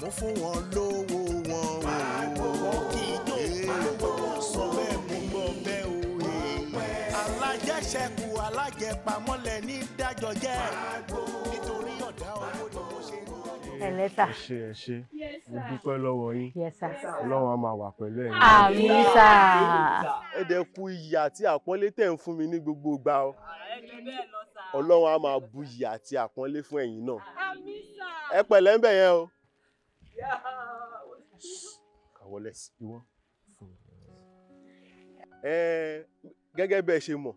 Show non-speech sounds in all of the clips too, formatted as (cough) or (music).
mú fún wọn lówó wọn o. pàgbówó kí yóò pàgbówó sọ bẹ́ẹ̀ mú gbọ́ bẹ́ẹ̀ o. alájẹṣẹ́kù alájẹpamọ́lẹ̀ ní dájọ́ jẹ́ nítorí ọ̀dá owó ni mo ṣe ń ẹ ṣé ẹ ṣé mo dúpẹ́ lọ́wọ́ yín ọlọ́run á máa wà pẹ̀lú ẹ̀yin. àmín sà. ẹ dẹ̀ kú iyì àti àpọ́nlé tẹ̀ ń fún mi ní gbogbo ìgbà o ọlọ́run á máa bu iyì àti àpọ́nlé fún ẹ̀yin náà ẹ pẹ̀lẹ́ ń bẹ̀ yẹn o kàwọlẹ̀ sí wọ́n fún ẹ gẹ́gẹ́ bẹ́ẹ̀ ṣe mọ̀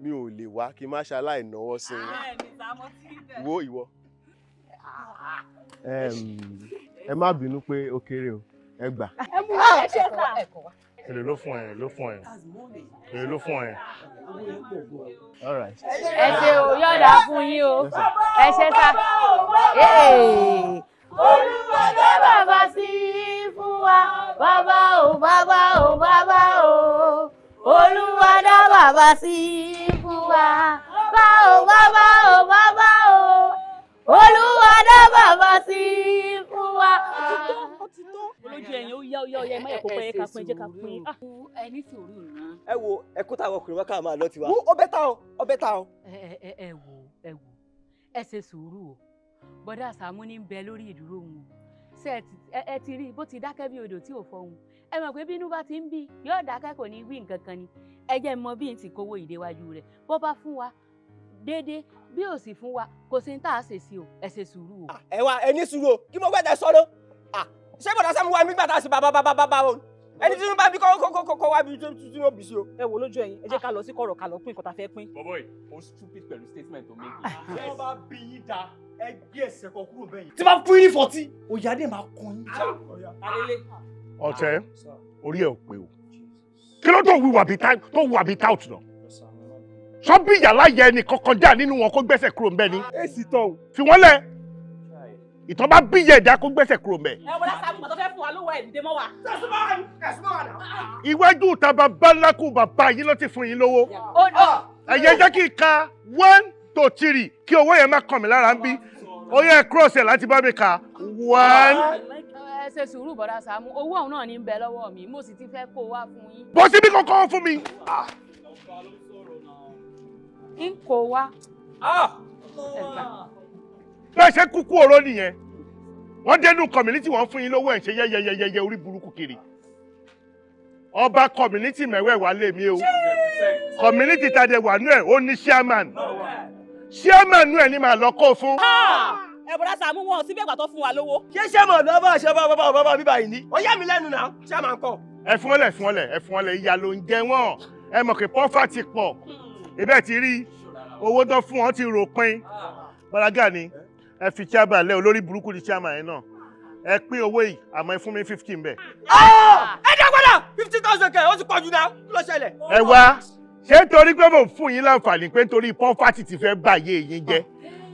mi ò lè wá kí má ṣaláì náwó sí i wo ìwọ. ẹ má bínú pé ó kéré o ẹ gbà. ẹ mú wa ẹ ṣe ta. èlò ló fún ẹ ló fún ẹ èlò ló fún ẹ. ẹ ṣe o yọ̀ọ̀dà fún yín o ẹ ṣe ta olúwa jẹ́ bàbá sí i fún wa bàbá o bàbá o bàbá o olúwa dá bàbá sí i fún wa bàbá o bàbá o bàbá o olúwa dá bàbá sí i fún wa. olójú ẹ̀yìn ó yá ó yá ó ẹ wo ẹ kó táwọn ọkùnrin wá ká máa lọ tiwa. ọbẹ̀ tá o ọbẹ̀ tá o. ẹ ẹ ẹ wo ẹ wo ẹ ṣe sùúrù o bọ́dà sàmú ní bẹ lórí ìdúró wọn ṣe ẹ ti rí bó ti dákẹ́ bí odò tí ò fọhùn ẹ mọ̀ pé bínú bá ti ń bí yóò dákẹ́ kò ní wí nǹkan kan ni ẹ jẹ́ mọ bí n ti kówó ìdéwájú rẹ̀ bó bá fún wa déédéé bí ò sì fún wa kò sí ní tá a ṣe sí o ẹ ṣe sùúrù o. ẹ wá ẹ ní sùúrù o kí mo fẹ́ tẹ sọ́dọ̀ ṣé bọ̀dá sẹ́mu wa mi gbà tá a sì bàbá bàbá bàbá o ẹni tí inú bá bí kọ́ kọ́ kọ́ kọ́ wá bí tuntun òbí sí o. ẹ wo lójú ẹ̀yin ẹ jẹ́ ká lọ sí kọ̀rọ̀ ká lọ pín nǹkan tá a fẹ́ pín. bọ́bọ́ yìí ó stupid pẹ̀lú statement tó méje. ṣé wọ́n bá bí yín dáa ẹ gbé ẹsẹ̀ kan kúrò bẹ́ẹ̀ yẹn. tí bá fún yín ní fọtí òyà dé máa kọ yín. ọ̀tẹ̀ orí ẹ̀ ò pé o kí ló tó wíwà bí tó wíwà bí táùtù náà sọ́bí ìyàlá yẹ ẹnì kankan já nínú wọn kó gbẹ́sẹ̀ kúrò ń bẹ́ẹ̀ ni. èsì tọ̀ o. fi wọ́n lẹ̀ ìtàn bá bí yẹ ẹ̀dá kó gbẹ́sẹ̀ kúrò mẹ́. ẹ wọlé sáà mọ̀tọ́ fẹ́ fún wa lówó ẹ̀ dìde mọ́ wa. iwájú ta bàbá ńlá kù bàbá yìí ló ti fún yín lówó. ẹ̀yẹ jẹ́ kí n ka one to three kí owó yẹn má kàn mí lára ń bí ó yẹ cross ẹ̀ láti bá mi kà one. ẹ ṣe sùúrù bọ̀dá Sàámú owó ọ̀hún náà ní ń bẹ lọ́wọ́ mi mo sì ti fẹ́ kó wá fún yín. bó síbí kankan fún mi. Ah. n kò wá. Ah! bẹ́ẹ̀ ṣe kúkú oró nìyẹn wọ́n dẹnu community wọ́n fún yín lówó ẹ̀ ṣe yẹ́yẹ́yẹ́yẹ́ orí burúkú kiri ọba community mẹ́wẹ̀ẹ́wà lèmi o community tàdé wà nú ẹ̀ ó ní chairman ṣéèmà nú ẹ̀ ni màá lọ kó fún. Ah! ẹ̀bùrà Sàámú wọn síbẹ̀ gbà tó fún wa lówó. ṣé ṣéèmà lọ bá ṣe bá bá bá bá bíbá yìí ni. ó yà mí lẹ́nu náà ṣéèmà ń kọ. ẹ fún ọlẹ fún ọlẹ ẹ fún ọlẹ ìyá ló ń jẹ wọn ẹ mọ̀ pé pọ́fà ti pọ̀ ibẹ̀ ti rí owó tán fún wọn ti rò pin balaga ni ẹ fi chairman lẹ olórí burúkú ni chairman yẹn náà ẹ pín owó yìí àmọ́ ẹ fún mi fifteen bẹ́ẹ̀. Ah! ẹ dá padà fifty thousand kẹ ó ti pọ̀ jù náà kí ló ṣẹlẹ̀. ẹ wá ṣé torí pé mò ń fún yín láǹfààní pé torí pọ́nfàtì ti fẹ́ báyé yín jẹ́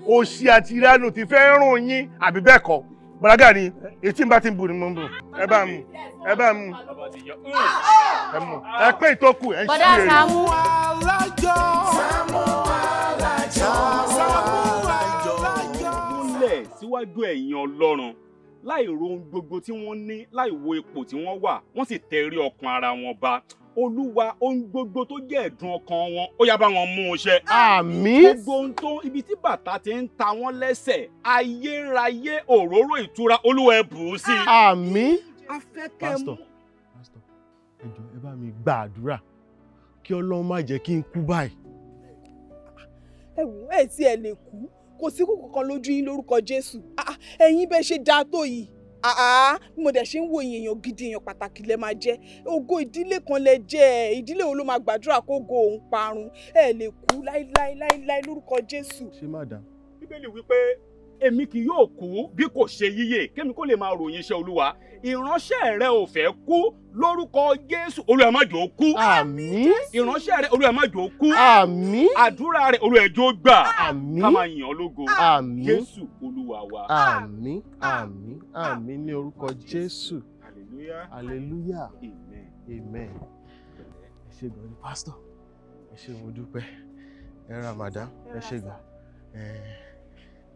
òṣì àti ìránù ti fẹ́ rún yín àbí bẹ́ẹ̀ kọ́ bàlágà ni etí ń bá ti ń bù ni mo ń bù ẹ bá mu ẹ bá mu ẹ mu ẹ pé ìtókù ẹ ń ṣe é. Sàámú Alájọ Sàámú Alájọ Sàámú Alájọ. múlẹ̀ síwájú ẹ̀yìn Ọlọ́run láì ro ohun gbogbo tí wọ́n ní láì wo ipò tí wọ́n wà wọ́n sì tẹrí ọkàn ara wọn ba olúwa ohun gbogbo tó jẹ́ ẹ̀dùn ọkàn wọn ó yá bá wọn mú un ṣẹ. àmín. gbogbo ohun tó ibi tí bàtà ti ń ta wọ́n lẹ́sẹ̀ ayérayé òróró ìtura olúwa ẹ bù ú sí. àmín. afẹ́kẹ́ mú. pásítọ̀ ẹjọ ẹ bá mi gba àdúrà kí ọlọ́run má jẹ́ kí n kú báyìí. ẹ wò ẹ tí ẹ lè kú kò sí kòkòkan lójú yín lórúkọ jésù ah, ah, ẹ̀yin bẹ́ẹ̀ ṣe dáa tó yìí àá bí mo dẹ̀ ṣe ń wo èèyàn gidi èèyàn pàtàkì lẹ máa jẹ́ ògo ìdílé kan lẹ jẹ́ ẹ̀ ìdílé wo ló máa gbàdúrà kó go òun parun ẹ lè kú láíláíláíláí lórúkọ Jésù. ṣé má dá. bíbélì wípé èmi kì yóò kú bí kò ṣe yíyè kémi kó lè máa ròyìn iṣẹ́ olúwa ìránṣẹ́ rẹ ò fẹ́ kú lórúkọ jésù olúwa má jò ó kú. àmín. ìránṣẹ́ rẹ olúwa má jò ó kú. àmín. àdúrà rẹ olúwa ẹjọ́ gbà. àmín. ká máa yìn ọ́ lógo. àmín. jésù olúwa wa. àmín àmín àmín ní orúkọ jésù. hallelujah. amen. amen. ẹ ṣé gan ni pásítọ̀ ẹ ṣé mo dúpẹ́ ẹ ra màdá ẹ ṣé gan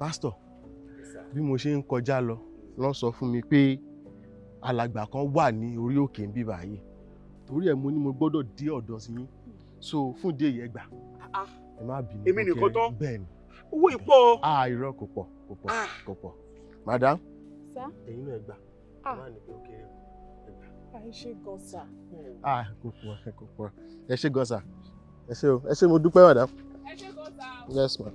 pásítọ̀ bí mo ṣe ń kọjá lọ lọ́n sọ fún mi pé alàgbà kan wà ní orí òkè ń bí báyìí torí ẹ̀ mo ní mo gbọ́dọ̀ dé ọ̀dọ̀ sí yín so fún ìdí èyí ẹ gbà ah, ẹ má bínú èmi nìkan tán bẹ́ẹ̀ ni owó ìpọ̀ a ah, irọ́ kò pọ̀ kò pọ̀ ah. kò pọ̀ madam ẹ̀yin náà ẹ gbà ẹ má nìkan kéré ẹ ṣé gan sà. kò pọ̀ kò pọ̀ ẹ ṣé gan ẹ ṣé o ẹ ṣé mo dúpẹ́ madam. ẹ ṣé gan yes ma.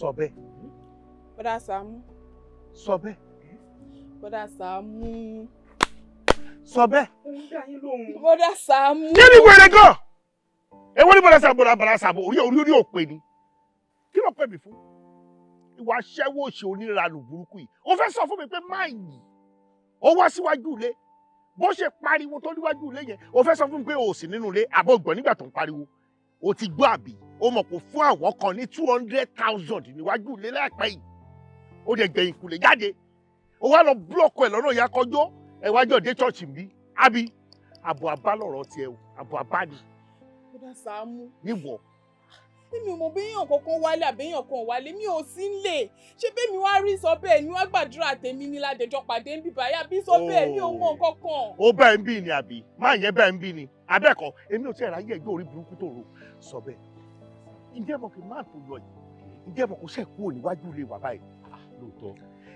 sọ bẹ́ẹ̀. bọ́dà Sàámú. sọ bẹ́ẹ̀. bọ́dà Sàámú. sọ bẹ́ẹ̀. bọ́dà Sàámú. kí ni wèrè gan-an èwo ni bọ́dà Sàámú bọ́dà Sàámú orí orí orí òpè ni kí ló pè mí fún ìwà aṣẹ́wó òṣè oníranù burúkú yìí ó fẹ́ sọ fún mi pé máàyì ó wá síwájú ilé bó ṣe pariwo tó níwájú ilé yẹn ó fẹ́ sọ fún mi pé o ò sí nínú ilé àbọ̀ gbọ̀n nígbà tó ń pariwo o ti gbọ́ àbí o mọ̀ kó fún àwọn kan ní two hundred thousand níwájú ilé láìpẹ́ yìí o dẹ̀ gbẹ̀yìn kùlẹ̀ jáde o wá lọ búlọ̀kù ẹ̀ lọ́nà ìyá kọjọ́ ẹ̀ wájú ọ̀dẹ́ chọ́ọ̀chì mi àbí àbọ̀ àbá lọ̀rọ̀ tiẹ̀ o àbọ̀ àbá ni. ó dá Sàámú. níwọ̀. mi ò mọ béèyàn kankan wálé àbéèyàn kan wálé mi ò sí ń lè ṣé bẹ́ẹ̀mi wá rí sọ bẹ́ẹ̀ ni wọ́n gbàdúrà tèmi ní ládẹjọ́ pàdé ń bì báyà bí sọ bẹ́ẹ̀ mi ò mọ oh. nǹkan kan. ó bẹ́ẹ̀ ń bì ni àbí máa yẹ bẹ́ẹ̀ ń bì ni abẹ́ẹ̀kọ́ èmi ò tí ì ráyè ẹgbẹ́ orí burúkú tó rò sọ bẹ́ẹ̀ ǹjẹ́ mọ̀ kí máa tó lọ yìí ǹjẹ́ mọ̀ kó sẹ́ kúrò níwájú ilé wa báyìí ah, lóòótọ́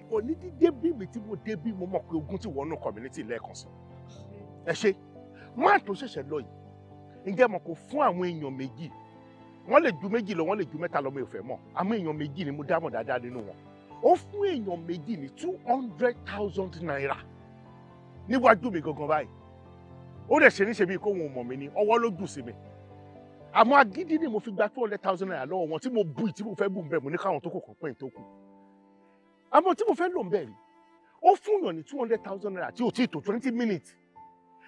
kò ní dídé bí mi tí mo dé bí mo mọ̀ pé ogun ti wọnú community lẹ́ẹ̀kan sí ẹ ṣe máa tó ṣẹ̀ṣẹ̀ lọ yìí ǹjẹ́ mọ̀ kó fún àwọn èèyàn méjì wọ́n lè ju méjì lọ wọ́n lè ju mẹ́ta lọ mi ò fẹ́ mọ̀ àmọ́ èèyàn méjì ni mo dámọ̀ dáadáa nínú wọn ó fún èèyàn méjì ní two hundred thousand naira níwájú mi gangan báyìí ó dẹ̀ ṣe níṣe bíi kó wọn ò mọ̀ mí ni ọwọ́ ló jù sí mi àmọ́ agídí ni mo fi gba two hundred thousand naira lọ́wọ́ wọn tí mo bu tí mo fẹ́ bù bẹ́ẹ̀ mo ní káwọn tó kù kàn pẹ́yìn tó kù àmọ́ tí mo fẹ́ lò bẹ́ẹ̀ rí ó fún yàn ní two hundred thousand naira tí ò tí ì tó twenty minutes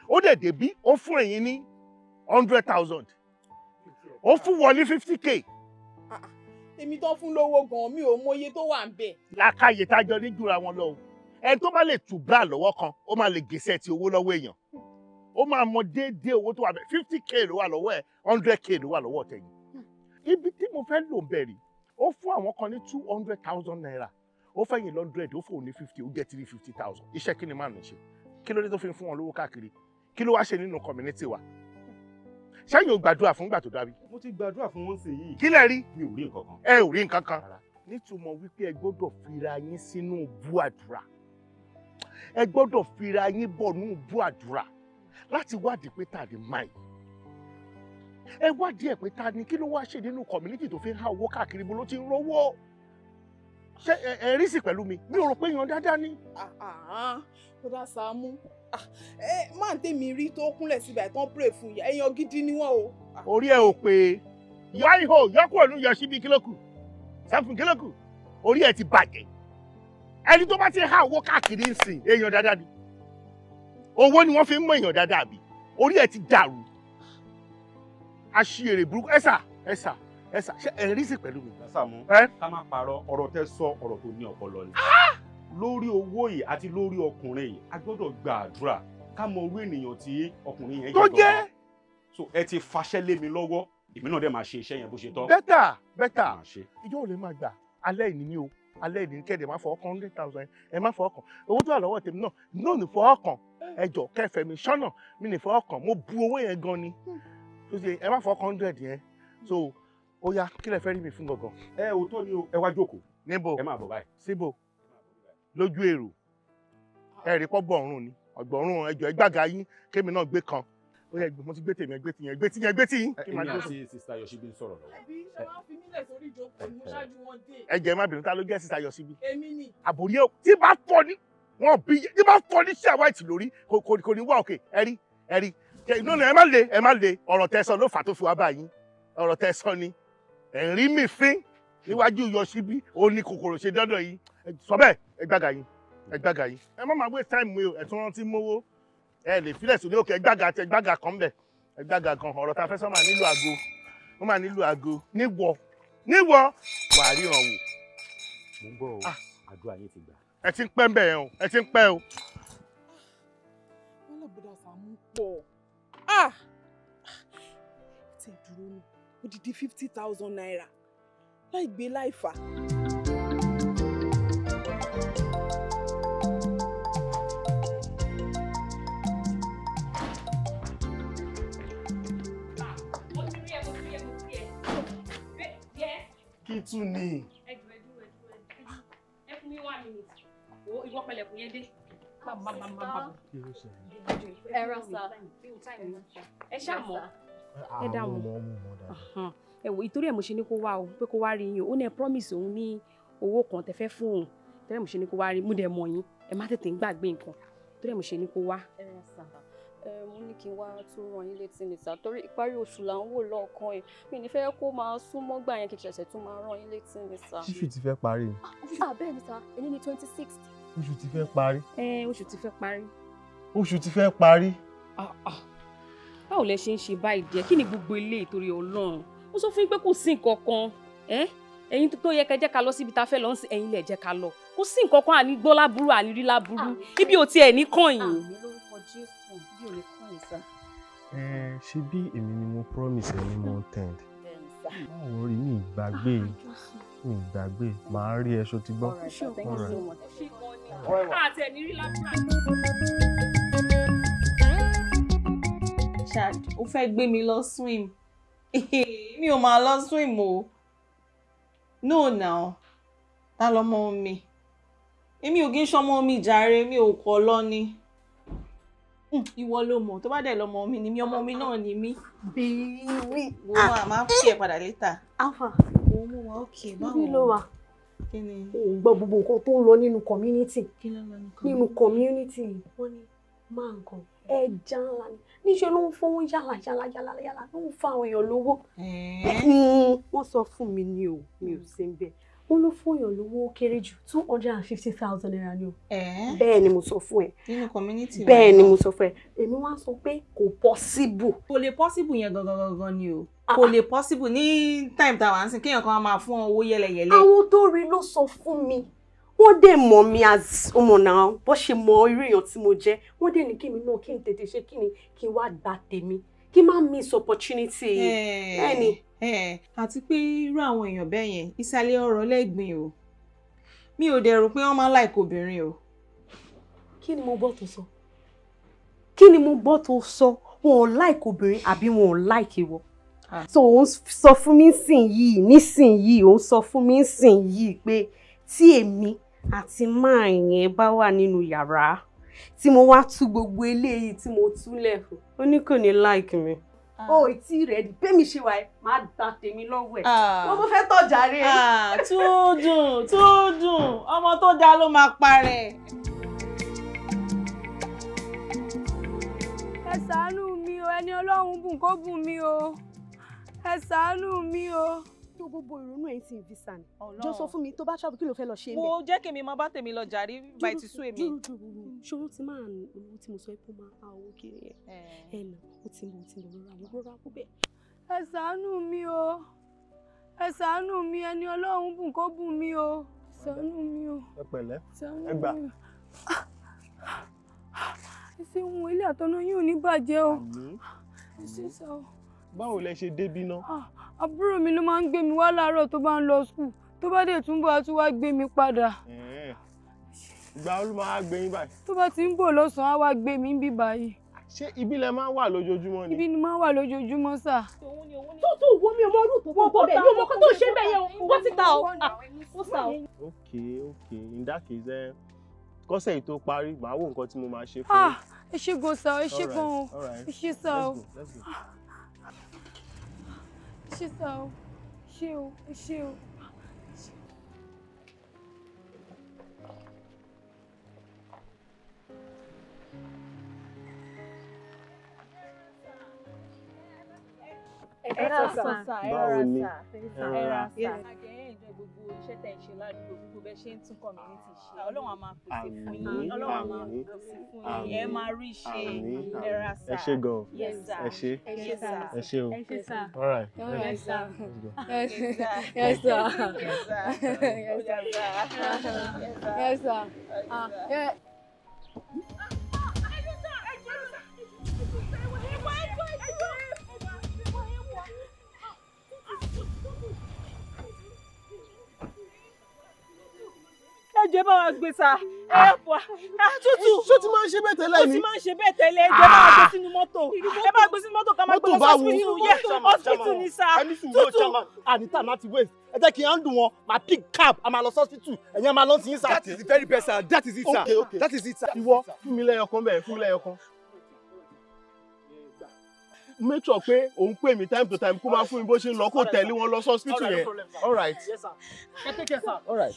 ó dẹ̀ débí ó fún ẹ̀yin ní hundred thousand ó fún wọlé fifty k. Ah, èmi tó fún lówó gan mi ò mọye tó wà ń bẹ. làákàyè tájọ ní jura wọn lọ o ẹni tó bá lè tù bra lọ́wọ́ kan ó máa lè gèsè ti owó lọ́wọ́ èèyàn ó máa mọ déédéé owó tó wà bẹ́ẹ̀ fifty k ló wà lọ́wọ́ ẹ̀ hundred k ló wà lọ́wọ́ tẹ̀yìn. Hmm. ibi tí mo fẹ́ lò bẹ̀rẹ̀ ó fún àwọn kan ní two hundred thousand naira ó fẹ̀yìn hundred ó fòun ní fifty ó jẹ́ three fifty thousand iṣẹ́ kí ni máa nù ṣe kí ló dé tó fi ń fún wọn lówó káàkiri kí ló wá ṣe nínú community wa ṣẹ́yìn ò gbàdúrà fún ìgbà tó dábí. mo ti gbàdúrà fún wọn sí yìí. kí lẹ rí. mi ò rí nǹkan kan. ẹ ò rí nǹkan kan. nítumọ̀ wípé ẹ gbọ́dọ̀ fira yín sínú bú àdúrà ẹ gbọ́dọ̀ fira yín bọ̀ nínú bú àdúrà láti wádìí pé ta ni mike ẹ wádìí ẹ pé ta ni kí ló wá ṣe nínú community tó fi ń há owó káàkiri bó ló ti ń rówó ṣé ẹ rí sí pẹ̀lú mi mi ò rò pé èèyàn dáadáa ni. Ah, ah, kódà Sàámú ah, máa ń tèmi rí tó kúnlẹ̀ síbẹ̀ tán pray fún yà èèyàn gidi ni wọ́n o. orí ẹ ò pé yáì hó yọkùn òun yọ síbi kílókù sẹ́fún kílókù orí ẹ ti bàjẹ́ ẹni tó bá ti há owó káàkiri ń sìn èèyàn dáadáa ni owó ni wọ́n fi ń mọ èèyàn dáadáa bí orí ẹ̀ ti dàrú aṣèrè burúkú ẹ̀sà ẹ̀sà ẹ̀sà ṣe ẹ̀rí sí pẹ̀lú mi. Sàámú ká má parọ́ ọ̀rọ̀ tẹ́ sọ ọ̀rọ̀ tó ní ọpọlọ ni ah! lórí owó yìí àti lórí ọkùnrin yìí a gbọ́dọ̀ gba àdúrà ká mọ orí ènìyàn tí ọkùnrin yẹn jẹ́ tó jẹ́ so ẹ ti faṣẹ́ lé mi lọ́wọ́ èmi náà dẹ̀ máa ṣe iṣẹ́ yẹn bó ṣe tọ́. bẹ́tà bẹ́tà ìjọ ò lè máa gbà alẹ́ ìní ni o alẹ́ ìní kẹ́ẹ̀dẹ̀ má fọ ọkàn hundred thousand ẹ má fọ ọkàn owó tó wà lọ́wọ́ tèmi náà náà ní fọ ọkàn ẹjọ kẹfẹ mi sọnà mi ní fọwọ́ kàn mo bu owó yẹn gan ni tó ṣe ẹ má fọwọ́ kàn hundred yẹn so ó yá kí lẹ fẹ́ rí mi fún gangan. ẹ ò tọ́ ni o ẹ wá jókòó. níbo ẹ máa bọ̀ báyìí. síbo lójú èrò ẹ rí pọ́ gbọ̀ọ̀rùn ni ọ̀gbọ̀ọ̀rùn ẹjọ ẹgbàga yín kémi náà gbé kan ó yẹ gbé mo ti gbé tèmi gbé tiyẹn gbé tiyẹn gbé tiyín. èmi àti sista Yosibi ń sọ̀rọ̀ lọ́wọ́. ẹbí ṣe wá fi nílẹ̀ sórí ìjókòó ní ṣáájú wọn dé. ẹ jẹ́ má bínú ta ló jẹ́ sista Yosibi. èmi ni. àbòrí ẹ tí bá tọ ní wọn bí yín máa kọ ní sí àwa ìtì lórí kò ní wá òkè ẹ rí ẹ rí inú ẹ má le ẹ má le ọ̀rọ̀ tẹ̀sán ló fà tó fi wá báyìí ọ̀rọ̀ tẹ̀sán ni ẹ̀rí mi fín níwájú yọ̀ṣíbí òun ni kòkòrò ṣe dọ́dọ̀ yìí sọ bẹ́ẹ̀ ẹ gbága yín ẹ gbága yín ẹ má máa waste time mi o ẹ̀ tún rántí mówó ẹ lè fílẹ̀ sórí òkè ẹ gbága àti ẹ gbága kan bẹ̀ ẹ gbága kan ọ̀rọ̀ ta fẹ́ sọ máa nílò àgọ́ wọ́n máa nílò àgọ́ níwọ̀ níwọ̀ wàá ríran wò. mo ń gbọ́ o ah. àdúrà yín ti gbà ẹ ti ń pẹ́ ń bẹ̀ yẹn o ẹ ti ń pẹ́ o. wọ́n lè gbọ́dọ̀ Sàámú pọ̀ tẹ̀ dúró ní odidi fifty thousand naira láì gbé láì fà. kí tún ni. ẹ jù ẹ jù ẹ jù ẹ fún mi one minute wo ìwọ pẹlẹkùn yẹn dé. ẹ rà sá ẹ ṣàmọ. ẹ dà wọn ẹ wò ìtorí ẹ mo ṣe ní kó wá o pé kó wá rí yín o ó ní ẹ promise òun ní owó kan tẹ fẹ́ fún òun torí ẹ mo ṣe ní kó wá rí mú dẹ mọ yín ẹ má tètè ń gbàgbé nǹkan torí ẹ mo ṣe ní kó wá. ẹ rà sá ẹ mo ní kí n wá tún ràn yín létí nìta torí ìparí oṣù là ń wò lọ́ọ̀kan yìí mi ní fẹ́ kó máa sún mọ́gbà yẹn kí n ṣẹ̀ṣẹ̀ tún máa ràn yín létí nìta. ṣíṣù ti fẹ́ parí. àbẹ́ẹ̀ ah, ah, nìta èyí ni twenty sixth oṣù ti fẹ́ parí. ẹ oṣù ti fẹ́ parí. oṣù ti fẹ́ parí. Ah, ah. báwo lẹ ṣe ń ṣe báyìí díẹ̀ kí ni gbogbo ilé ìtorí Ọlọ́run ó sọ fún yín pé kò sí nǹkan kan ẹ̀yin tó yẹ kẹjẹ ká lọ síbi tá a fẹ́ lọ sí ẹ̀yin lẹ jẹ́ ká lọ kò sí nǹkan kan àní gbọ́ láburú àní rí láburú ibi ò tiẹ̀ ní kọ̀yìn. àmì lórúkọ Jésù bí ní kọ̀yìn sá. ẹ ṣe bí èmi ni mo promise ẹ ní mountain báwo rí mi ìgbàgbé mi gbàgbé màá rí ẹ ṣó ti gbọ́. Chad ó fẹ́ gbé mi lọ swim (laughs) mi ò máa lọ swim o no now ta lọmọ mi èmi ò kí ń ṣọmọ mi jàre mi ò kọ́ lọ ni hmm, ìwọ ló mọ̀ tó bá dẹ̀ lọ́mọ mi ni mi ọmọ mi náà ni mí. bèèrè wí. wo àmà fi ẹ̀ padà létà. alpha wà òkè báwo níbi ló wà gbọ́ gbogbo nǹkan tó ń lọ nínú community nínú community wọ́n ní máa nǹkan ẹja ńlá ni níṣẹ́ ló ń fowó yàlà yàlà yàlà yàlà ló ń fa àwọn èèyàn lówó. (laughs) wọ́n sọ fún mi ni o mi ò sí bẹ́ẹ̀ ó ló fún èèyàn lówó kéré jù two hundred and fifty thousand naira ni o. bẹ́ẹ̀ ni mo sọ fún ẹ. nínú community wa bẹ́ẹ̀ ni mo sọ fún ẹ èmi wá sọ pé kò possible. kò lè possible yẹn gangan gangan ni o kò lè possible ní time tá a wà ń sìn kéèyàn kan máa fún ọ owó yẹlẹyẹlẹ. àwọn tó rí ló sọ fún mi wọ́n dẹ̀ mọ̀ mi as ọmọ náà bó ṣe mọ irú èèyàn tí mo jẹ́ wọ́n dẹ̀ ní kí mi náà kí n tètè ṣe kí ni kí n wá gba tèmi kí n má miss opportunity ẹni. àti pé irú àwọn èèyàn bẹ́ẹ̀ yẹn ìsàlẹ̀ ọ̀rọ̀ lẹ́gbìn o mi ò dẹ̀ rò pé wọ́n máa ń láìkó obìnrin o. kí ni mo gbọ́ tó sọ kí ni mo gbọ́ tó sọ wọn ò láìkó obìnrin àbí wọn ò láìkí wọ Ah. so òun sọ fún mi sìn yìí nísìn yìí òun sọ fún mi sìn yìí pé tí èmi àti máa yẹn bá wà nínú yàrá tí mo wá tú gbogbo eléyìí tí mo túlẹ̀ fún ó ní kò ní like mi ah. o ìtì rẹ di bẹ́mi ṣe wà ẹ́ máa da tèmi lọ́wọ́ ẹ̀ wọ́n ah. mo fẹ́ tọ̀jà rẹ. tó dùn tó dùn ọmọ tó dáa ló máa parẹ́. ẹ ṣàánú mi o ẹni ọlọ́run bùn kó bùn mi o ẹ ṣàánú mi o. tó gbogbo ìrònú ẹ̀ ń sin visa ni jọ sọ fún mi tó bá travel kí ló fẹ́ lọ ṣe ń bẹ̀. wo jẹ́ kí mi máa bá tèmi lọ jàrí báyìí ti sú èmi. ṣòro ti máa ní owó tí mo sọ pé máa ka owó kiri ẹ ẹ nà ó ti mọ ó ti mọ lọ́ra mo rọra kú bẹ́ẹ̀. ẹ ṣàánú mi o ẹ ṣàánú mi ẹni ọlọ́run bùn kó bùn mi o ṣàánú mi o ẹ pẹ̀lẹ́ ẹ gbà ìṣe ilé àtọ́nà yóò ní bàjẹ́ o. àmín báwo lẹ ṣe débí ná. Ah, àbúrò mi ló máa ń gbé mi wá láàárọ̀ tó bá ń lọ skul tó bá dé túnbọ̀ á tún wá gbé mi padà. ìgbà wo ló máa gbé yín báyìí. tó bá ti ń bọ̀ lọ́sàn-án á wá gbé mi bí báyìí. ṣé ibi lẹ máa ń wà lójoojúmọ́ ni. ibi ni máa ń wà lójoojúmọ́ sà. tó tó wo mi ọmọ ọdún tó wọ́n bọ̀ bẹ́ẹ̀ mọ kó ṣe bẹ́ẹ̀ yẹn o wọ́n ti ta o ok ok in that case ẹ eh, kọ́sẹ̀ yìí tó parí màá wo nǹkan tí mo máa ṣe fún ah, yín. ẹ ṣé gan sà ẹ ṣé gan ẹ ṣé sà o. Ah. Shiso, Shiu, Shiu. Erasa. Erasa. Erasa. Erasa. Erasa. Erasa. Erasa. Erasa. Erasa. Erasa. gbogbo iṣẹ́ tẹ̀ ń ṣe ládùúgbò gbogbo bẹ́ẹ̀ ṣe ń tún community ṣe ọlọ́run á máa pèsè fún yín ọlọ́run á máa pèsè fún yín ẹ máa rí ṣe ẹ sá ẹ ṣe gan ẹ ṣe ẹ ṣe o ẹ ṣe sá all right ẹ ṣe sá ẹ ṣe sá ẹ ṣe sá ẹ ṣe sá ẹ ṣe sá. ẹjẹ bá gbé sa ah. ẹ ah, tútù máa ń ṣe bẹ́ẹ̀ tẹ́lẹ̀ ni. ó máa ń ṣe bẹ́ẹ̀ tẹ́lẹ̀ ẹjẹ bá gbé sínú mọ́tò ẹ bá gbé sínú mọ́tò ká má gbé lọ hospital yẹ hospital ni sa tútù. anita ah, nati waste ẹ jẹ́ kí n dùn wọn ma pick cab a ma lọ hospital ẹ̀yin a ma lọ sí sa. that is the very best sir that is it sir okay, okay. that is it sir. ìwọ fún mi lẹ́yọ̀kan bẹ́ẹ̀ fún mi lẹ́yọ̀kan make sure pé òun pè mí time to time kó máa fún mi bó ṣe ń lọ kó tẹ̀lé wọn lọ sọ́spítù yẹn all right. ẹ tẹ́kẹ̀ sá. all right.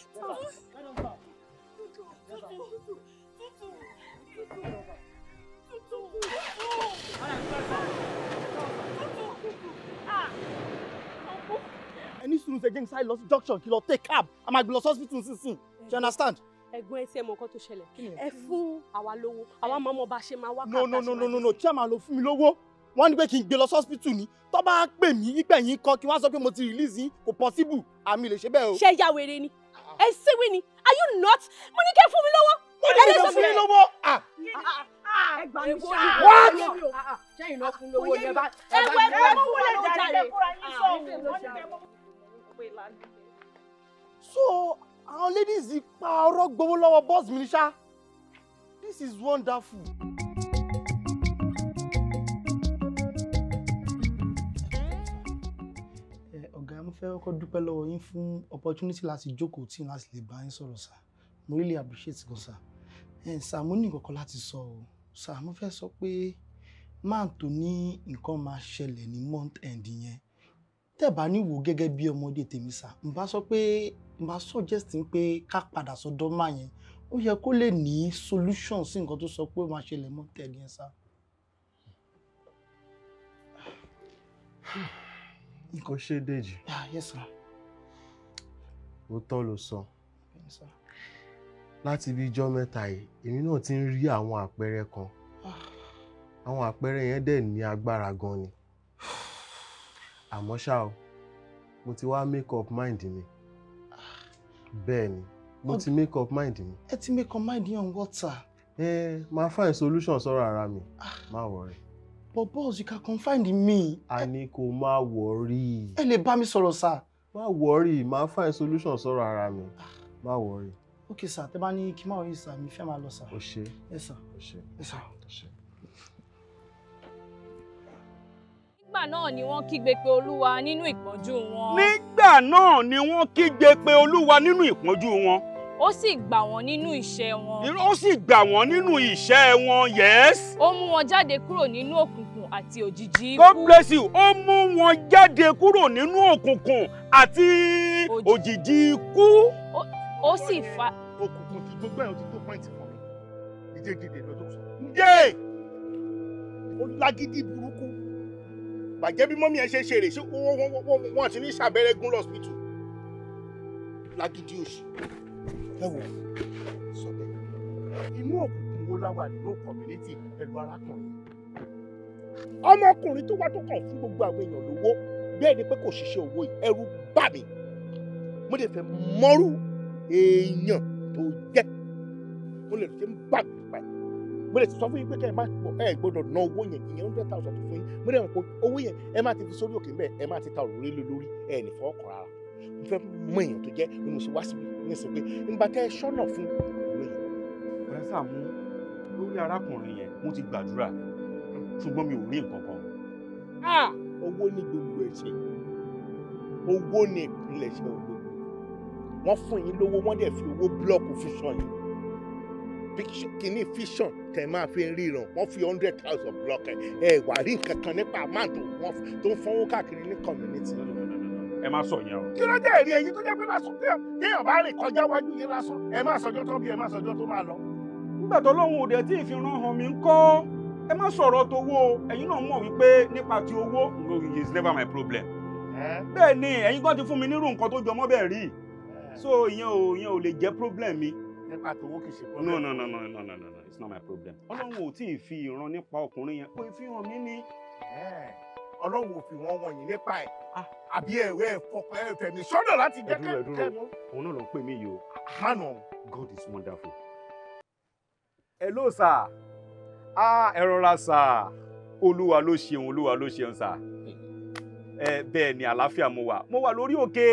ní sùúrù ṣe jẹ́ǹsá lọ junction kí take cab a máa gbé lọ sí hospital sísìn do you understand. ẹ̀gbọ́n ẹ ti ẹ tó ṣẹlẹ̀ ẹ fún àwa lówó àwa máa mọ bá a ṣe máa wá káàkiri. no no no no no chairman ló fún mi lówó wọ́n ní pé kí n gbé lọ sí ni tó bá pè mí gbẹ̀yìn kan kí wọ́n sọ pé mo ti release yín kò possible àmì lè ṣe bẹ́ẹ̀ o. ṣé ya wèrè ni ẹ síwì ni are you not mo ní kẹ́ fún mi lówó. mo ní kẹ́ ah. ah, ah, fún mi lówó. ẹgbàá mi ṣáà wọ́n mi ò ṣẹ́yìn lọ fún lówó yẹn bá. ẹ̀wọ̀ ẹ̀gbọ́n mo wọlé jàre so our ladies yìí pa ọ̀rọ̀ gbowó Boss bọ́ọ̀sì mi ní ṣá this is wonderful. ọ̀gá mo fẹ́ kọ́kọ́ dúpẹ́ lọ́wọ́ yín fún opportunity láti jókòó tí láti lè bá yín sọ̀rọ̀ sá mo really appreciate gan sá sá mo ní nǹkan kan láti sọ o sá mo fẹ́ sọ pé máà tó ní nǹkan máa ṣẹlẹ̀ ní month end yẹn tẹ̀bá níwò gẹ́gẹ́ bí ọmọdé tèmi sà n bá sọ pé n bá suggest pé ká padà sọ́dọ̀ máa yẹn ó yẹ kó lè ní solution sí nǹkan tó sọ pé ó máa ṣẹlẹ̀ mọ́ tẹ̀lé ẹ sá. nǹkan ṣe Dèjì. Ah, yes sir. òótọ́ ló sọ. yes sir. láti bí ijọ́ mẹ́ta yìí èmi náà ti ń rí àwọn àpẹẹrẹ kan ah. àwọn àpẹẹrẹ yẹn dẹ̀ ní agbára gan ni àmọ́ ṣá o mo ti wá make up mind mi bẹ́ẹ̀ ni mo ti make up mind mi. ẹ ti make up mind yẹn water. ẹ máa find solution sọ̀rọ̀ ara mi ah. má wọrí. but boss you can confide in me. a ní kó má wọrí. ẹ lè bá mi sọ̀rọ̀ sá. má wọrí máa find solution sọ̀rọ̀ ara mi ah. má wọrí. ok sir tẹ bá ní kí n máa wọrí sir mi fẹ́ máa lọ sir. o ṣe. ẹ sà. o ṣe. ẹ sà. o ṣe. nígbà náà ni wọ́n kígbe pe olúwa nínú ìpọ́njú wọn. nígbà náà ni wọ́n kígbe pe olúwa nínú ìpọ́njú wọn. ó sì gbà wọ́n nínú ìṣẹ́ wọn. ó sì gbà wọ́n nínú ìṣẹ́ wọn yes. ó mú wọn jáde kúrò nínú òkùnkùn àti òjìji ikú. God bless you ó mú wọn jáde kúrò nínú òkùnkùn àti òjìji ikú. ó sì fa. òkùnkùn ti gbogbo ẹ̀ ó ti tó pọ́ìntì fún mi ìdíje ìdíje lọ́jọ́ sọ. ǹjẹ́ ó lágídí burú bàjẹ́ bí mọ́mí ẹ ṣe ṣe rè ṣé wọ́n ti ní ṣàbẹ̀rẹ̀ gún lọ́sibítù lágídí òṣì ẹ wò sọ bẹ́ẹ̀ inú òkùnkùn wo la wà nínú kọ̀míníìtì pẹ̀lú arákùnrin ọmọkùnrin tó wá tó kàn fún gbogbo àwọn èèyàn lówó bẹ́ẹ̀ ni pé kò ṣiṣẹ́ owó yìí ẹ̀rù bà mí mo lè fẹ́ mọ́rú èèyàn tó jẹ́ mo lè fẹ́ bà mí pa ẹ̀ mo lè sọ fún yín pé kẹ́ ẹ má pọ̀ ẹ gbọ́dọ̀ ná owó yẹn ìyẹn hundred thousand fún yín mo lè rìn pé owó yẹn ẹ má ti fi sórí òkè mbẹ́ ẹ má ti ta òrùlé lé lórí ẹ ní fọ́ ọkọ̀ rárá mo fẹ́ mọ èèyàn tó jẹ́ ni mo ṣe wá síbi ní ìsìn pé nígbà tẹ́ ẹ ṣọ́nà fún òwe yẹn. ọ̀rẹ́ Sàámú lórí arákùnrin yẹn mo ti gbàdúrà ṣùgbọ́n mi ò rí nǹkan kan. owó ní gbogbo ẹ̀ṣẹ̀ owó ní ìpínlẹ̀ ṣe ògbó wọ́n fún yín lówó wọ́n dẹ̀ fi owó búlọ́ọ̀kù fi ṣan yín kíní fíṣàn tẹ̀ máa fi ríran wọ́n fi hundred thousand block ẹ̀ ẹ̀ wà rí nǹkan kan nípa àmáàtò wọn tó ń fọwọ́ káàkiri ní community. ẹ má sọ yẹn o. kí ló dé èrí ẹyin tó jẹ́ pé lásán pé èèyàn bá rìn kọjá wájú yín lásán ẹ má sọjọ́ tó bí ẹ má sọjọ́ tó máa lọ. nígbà tó lóun ò dẹ̀ tí ìfihàn hàn mí ń kọ́ ẹ má sọ̀rọ̀ tó owó ẹ̀yin náà mọ̀ wípé nípa ti owó is never my problem. bẹ́ẹ̀ ni ẹ̀yin kan ti fún mi nírú nǹkan tó jọmọ́ bẹ́ẹ̀ rí so ìyẹn ò ìyẹn ò lè jẹ́ problem mi nípa àtòwó kì í ṣe problem. no no no no no no no it's not my problem. Ah. ọlọ́run ò tí ì fi ìran nípa ọkùnrin yẹn kò fi hàn mí ni. ọlọ́run ò fi wọ́n wọ̀nyí nípa ẹ̀ ah. àbí ẹ̀rẹ́ ẹ̀fọkàn ẹ̀fẹ̀ mi sọ́dọ̀ láti jẹ́ kẹ́kẹ́ mọ́. òun náà ló ń pè mí yìí o. hànà. God is wonderful. hello sir ah ẹ rọra sir olúwa ló ṣeun olúwa ló ṣeun sir ẹ bẹ́ẹ̀ ni àlàáfíà mo wà mo wà lórí òkè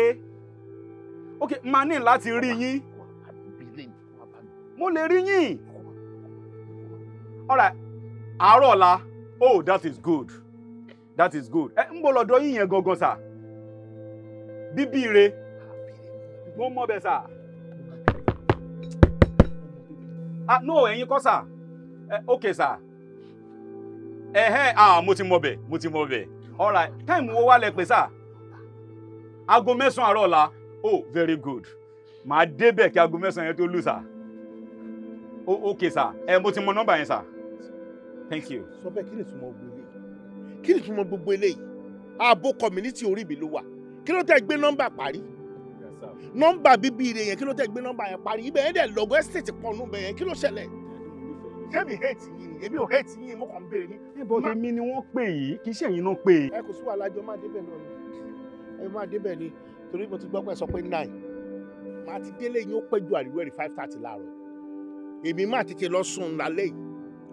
òkè máa ní láti rí yín. mo lè rí yín all right àárọ̀ ọ̀la oh that is good that is good ẹ ń bọ̀ lọ́dọ̀ yín yẹn gangan sà bíbí re mo mọ̀ bẹ́ẹ̀ sà ah no ẹ̀yin kọ́ sà eh, ok sà ẹ̀hẹ́ ah mo ti mọ̀ bẹ́ẹ̀ mo ti mọ̀ bẹ́ẹ̀ all right time wo wá lẹ pè sà aago mẹ́sàn-án àárọ̀ ọ̀la oh very good màá débẹ̀ kí aago mẹ́sàn-án yẹn tó lù sà. Okay, sir ẹ eh, mo ti mọ nọ́mbà yẹn sir thank you. sọ bẹ́ẹ̀ kí ni ìtumọ̀ gbogbo eléyìí kí ni ìtumọ̀ gbogbo eléyìí ààbò community orí mi ló wà kí ló tẹ́ gbé nọ́mbà parí nọ́mbà bíbí ire yẹn kí ló tẹ́ gbé nọ́mbà yẹn parí ibẹ̀ yẹn dẹ̀ lọ́gọ́ estate pọnú bẹ̀ yẹn kí ló ṣẹlẹ̀ ṣebí hate yín ni èmi ò hate yín mo kàn ń béèrè ní. níbo tèmi ni wọ́n pè yìí kì í ṣe ẹ̀yin náà pè é. ẹ kò sí wàhálà jọ máa débẹ̀ lọ ni ẹ máa débẹ̀ ni torí mo ti gbọ́ èmi máa tètè lọ sùn lálẹ́ yìí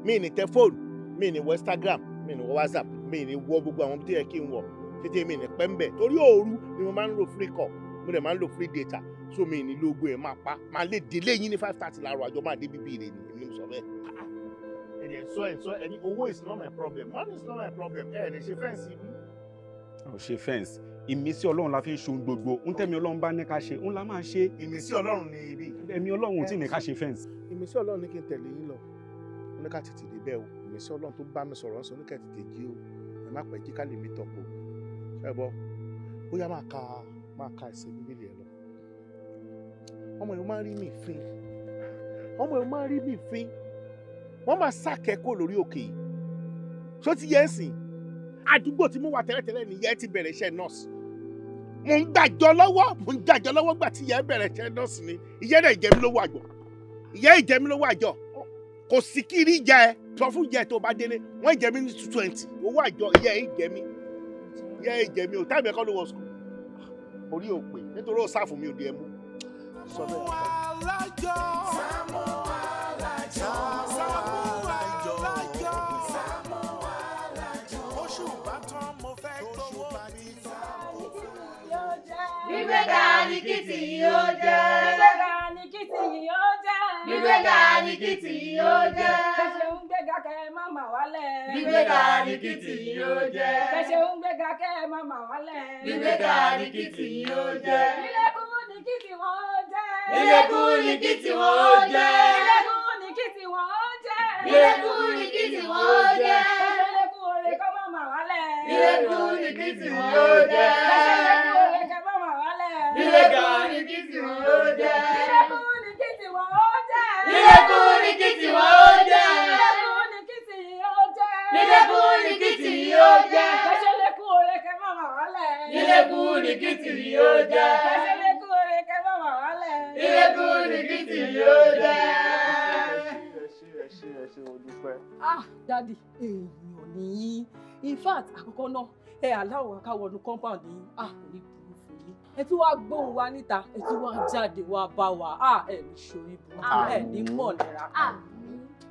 mi ní tẹ fóònù ní wọ instagram mi ní wọ whatsapp mi ní wọ gbogbo àwọn tó yẹ kí n wọ tètè mi ní pẹ́ńbẹ̀ torí òru ni mo máa ń lo free call mo dẹ̀ máa ń lo free data so mi ní lógo ẹ̀ máa pa máa lè délé yín ní five thirty láàárọ̀ àjọ máa dé bíbí rẹ̀ ni èmi sọ bẹ́ẹ̀. ẹ̀dẹ̀ sọ ẹ̀ ẹni owó is not my problem money is not my problem ẹ̀ ẹ̀dẹ̀ ṣe fẹ́ǹsì mi. ò ṣe fẹ́ǹsì ìmísí ọlọ́run la fi ń ṣohun gbogbo ń tẹ̀mí ọlọ́run bá ní ká ṣe ń la máa ṣe. ìmísí ọlọ́run ni ibi. ẹ̀mí ọlọ́run ò tí ì ní ká ṣe fẹ́ǹsì ìmísí ọlọ́run ní kí n tẹ̀lé yín lọ ó ní ká tètè débẹ̀ o ìmísí ọlọ́run tó bá mi sọ̀rọ̀ ń sọ ní ká tètè jí o ẹ má pẹ́ jí ká lè mí tọ̀pọ̀ ṣe bọ́ bóyá máa ka máa ka ẹsẹ̀ bíbélì ẹ lọ ọmọ yìí máa rí mi fín ọmọ yìí máa ń rí mi fín wọ́n máa sàkẹ́kọ̀ọ́ lórí òkè yìí ṣó ti yẹ ń sìn àdúgbò tí mo wà tẹ́lẹ̀tẹ́lẹ̀ nìyẹn ti bẹ̀rẹ̀ iṣẹ́ nọ́ọ̀sì mo ń gbàjọ lọ́wọ́ mo ń gbàjọ lọ́wọ́ gbà tí ìyẹn bẹ̀rẹ̀ iṣẹ́ nọ́ọ̀sì ni ìyẹn náà jẹ́ mi lówó àgbọ̀ ìyá ìjẹmi lówó àjọ kò sí kiri ìjà ẹ sọ fún ìjà ẹ tó bá délé wọn ìjẹmi ní twenty owó àjọ ìyá ìjẹmi ìyá ìjẹmi ò táìmù ẹkọ ló wọ sùkúl orí ò pè nítorí ó sáfù mi ò di ẹ mú. Sàmú ni kìtì yìí ó jẹ́. Gbígbéga ni kìtì yìí ó jẹ́ gbígbéga ni kí tí yóò jẹ́. bẹ́ẹ̀ ṣe ń gbéga kẹ́ ẹ má mà wálẹ̀. gbígbéga ni kí tí yóò jẹ́. bẹ́ẹ̀ ṣe ń gbéga kẹ́ ẹ má mà wálẹ̀. gbígbéga ni kí tí yóò jẹ́. ilẹ̀kùn ni kí tí wọ́n jẹ́. ilẹ̀kùn ni kí tí wọ́n jẹ́. ilẹ̀kùn ni kí tí wọ́n jẹ́. ilẹ̀kùn ni kí tí wọ́n jẹ́. ilẹ̀kùn oore kọ́ má mà wálẹ̀. ilẹ̀kùn ni kí tí wọ́n jẹ́. ilẹ̀kùn ni kí tí wọ́n jẹ́. dádì èèyàn nìyí in fact àkọ́kọ́ náà ẹ aláwọ̀ akáwọnú compound yìí à kò ní burú fún yín ẹ tún wá gbóhùn wa níta ẹ tún wá jáde wá bá wa à ẹ ní ṣorí burúkú ah. ẹ ní mọ̀lẹ́ra. Ah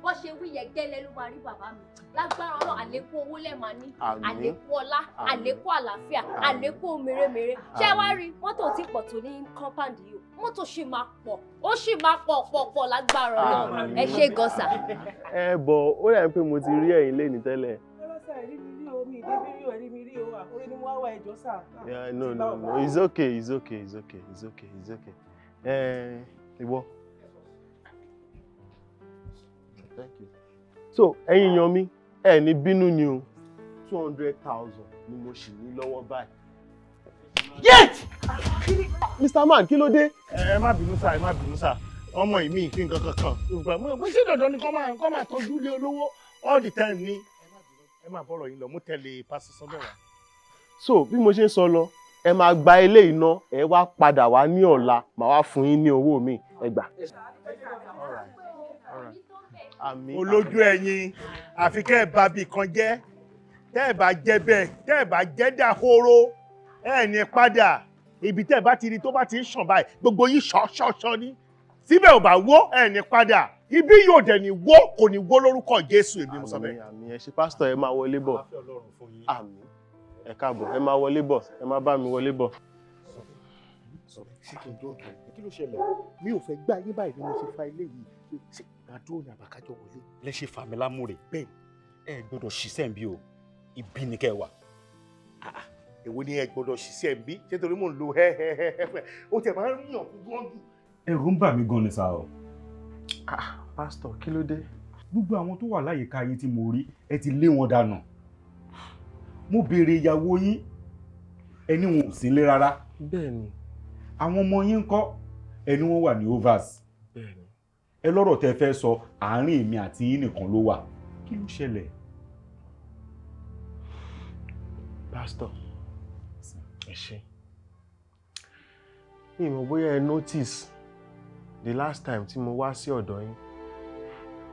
bó ṣe wí yẹn gẹ́lẹ́ ló máa rí bàbá mi lágbára ọlọ́ àlékún owó lẹ́ẹ̀ma ní àlékún ọlá àlékún àlàáfíà àlékún mèremère ṣé wá rí mọ́tò tí pọ̀ tó ní compound yìí o mọ́tò ṣì máa pọ̀ ó ṣì máa pọ̀ pọ̀ pọ̀ lágbára ọlọ́ ẹ ṣe gọ́sà. ẹ bọ ó rẹ̀ ń pé mo ti rí ẹ̀yin lẹ́ni tẹ́lẹ̀. Yeah, no, no, no. It's okay. It's okay. It's okay. It's okay. It's okay. Eh, uh, what? so ẹ̀yin yan mi ẹ ní bínú ni o two hundred thousand ni mo ṣì ní lọ́wọ́ báyìí. yet mr man kí ló dé. ẹ má bínú sá ẹ má bínú sá ọmọ ìmí kí n kankan kan mo ṣe dandan ni kọ́ máa kọ́ máa tọ́jú lé olówó all the time ni ẹ máa bọ̀rọ̀ yín lọ mo tẹ̀lé pásítọ̀ sọ́dọ̀ wa. so bí mo ṣe ń sọ lọ ẹ máa gba ilé iná ẹ wá padà wá ní ọ̀la màá wá fún yín ní owó mi ẹ gbà. all right olójú ẹ̀yin àfi kẹ́ ẹ̀ bá bì kan jẹ́ tẹ́ ẹ̀ bá jẹ́ bẹ́ẹ̀ tẹ́ ẹ̀ bá jẹ́ dà hóró ẹ̀ ní padà ibi tẹ́ ẹ̀ bá ti rí tó bá ti ń ṣàn báyìí gbogbo yín ṣọ́ṣọ́ṣọ́ ní síbẹ̀ ò bá wó ẹ̀ ní padà ibi yóò dẹ̀ ní wó kò ní wó lórúkọ Jésù èmi mo bẹ́ẹ̀. àmín ẹ ṣé pásítọ̀ ẹ máa wọlé bọ̀ àmín ẹ káàbọ̀ ẹ máa wọlé bọ̀ ẹ máa bá mi wọlé bọ̀ kí ló ṣẹlẹ̀ mi ò fẹ́ gbá yín báyìí máa dúró ní àbákájọ wọlé. lẹ́sẹ̀ fàmí lámúre. bẹ́ẹ̀ ẹ gbọ́dọ̀ ṣiṣẹ́ ń bí o ibi ni kẹ́ ẹ wà. Ah, èwo ni ẹ gbọ́dọ̀ ṣiṣẹ́ ń bí ṣé mò ń lo hẹ́hẹ́hẹ́ o tẹ̀ máa ń yàn fún gbọ́n jù. ẹ̀rù ń bà mí gan ni sáà o. Ah, pásítọ̀ kí ló dé. gbogbo àwọn tó wà láyìíká yín tí mo rí ẹ ti lé wọn dànù mo béèrè ìyàwó yín ẹni wọn ò sílé rárá. bẹ́ẹ̀ àwọn ọmọ yín ń kọ́ ẹni wọn wà ní overs ẹ lọ́rọ̀ tẹ́ fẹ́ sọ àárín èmi àti yín nìkan ló wà kí ló ṣẹlẹ̀. pásítọ̀ ẹ ṣe mi ò bóyá ẹ notice the last time tí mo wá sí ọ̀dọ̀ yín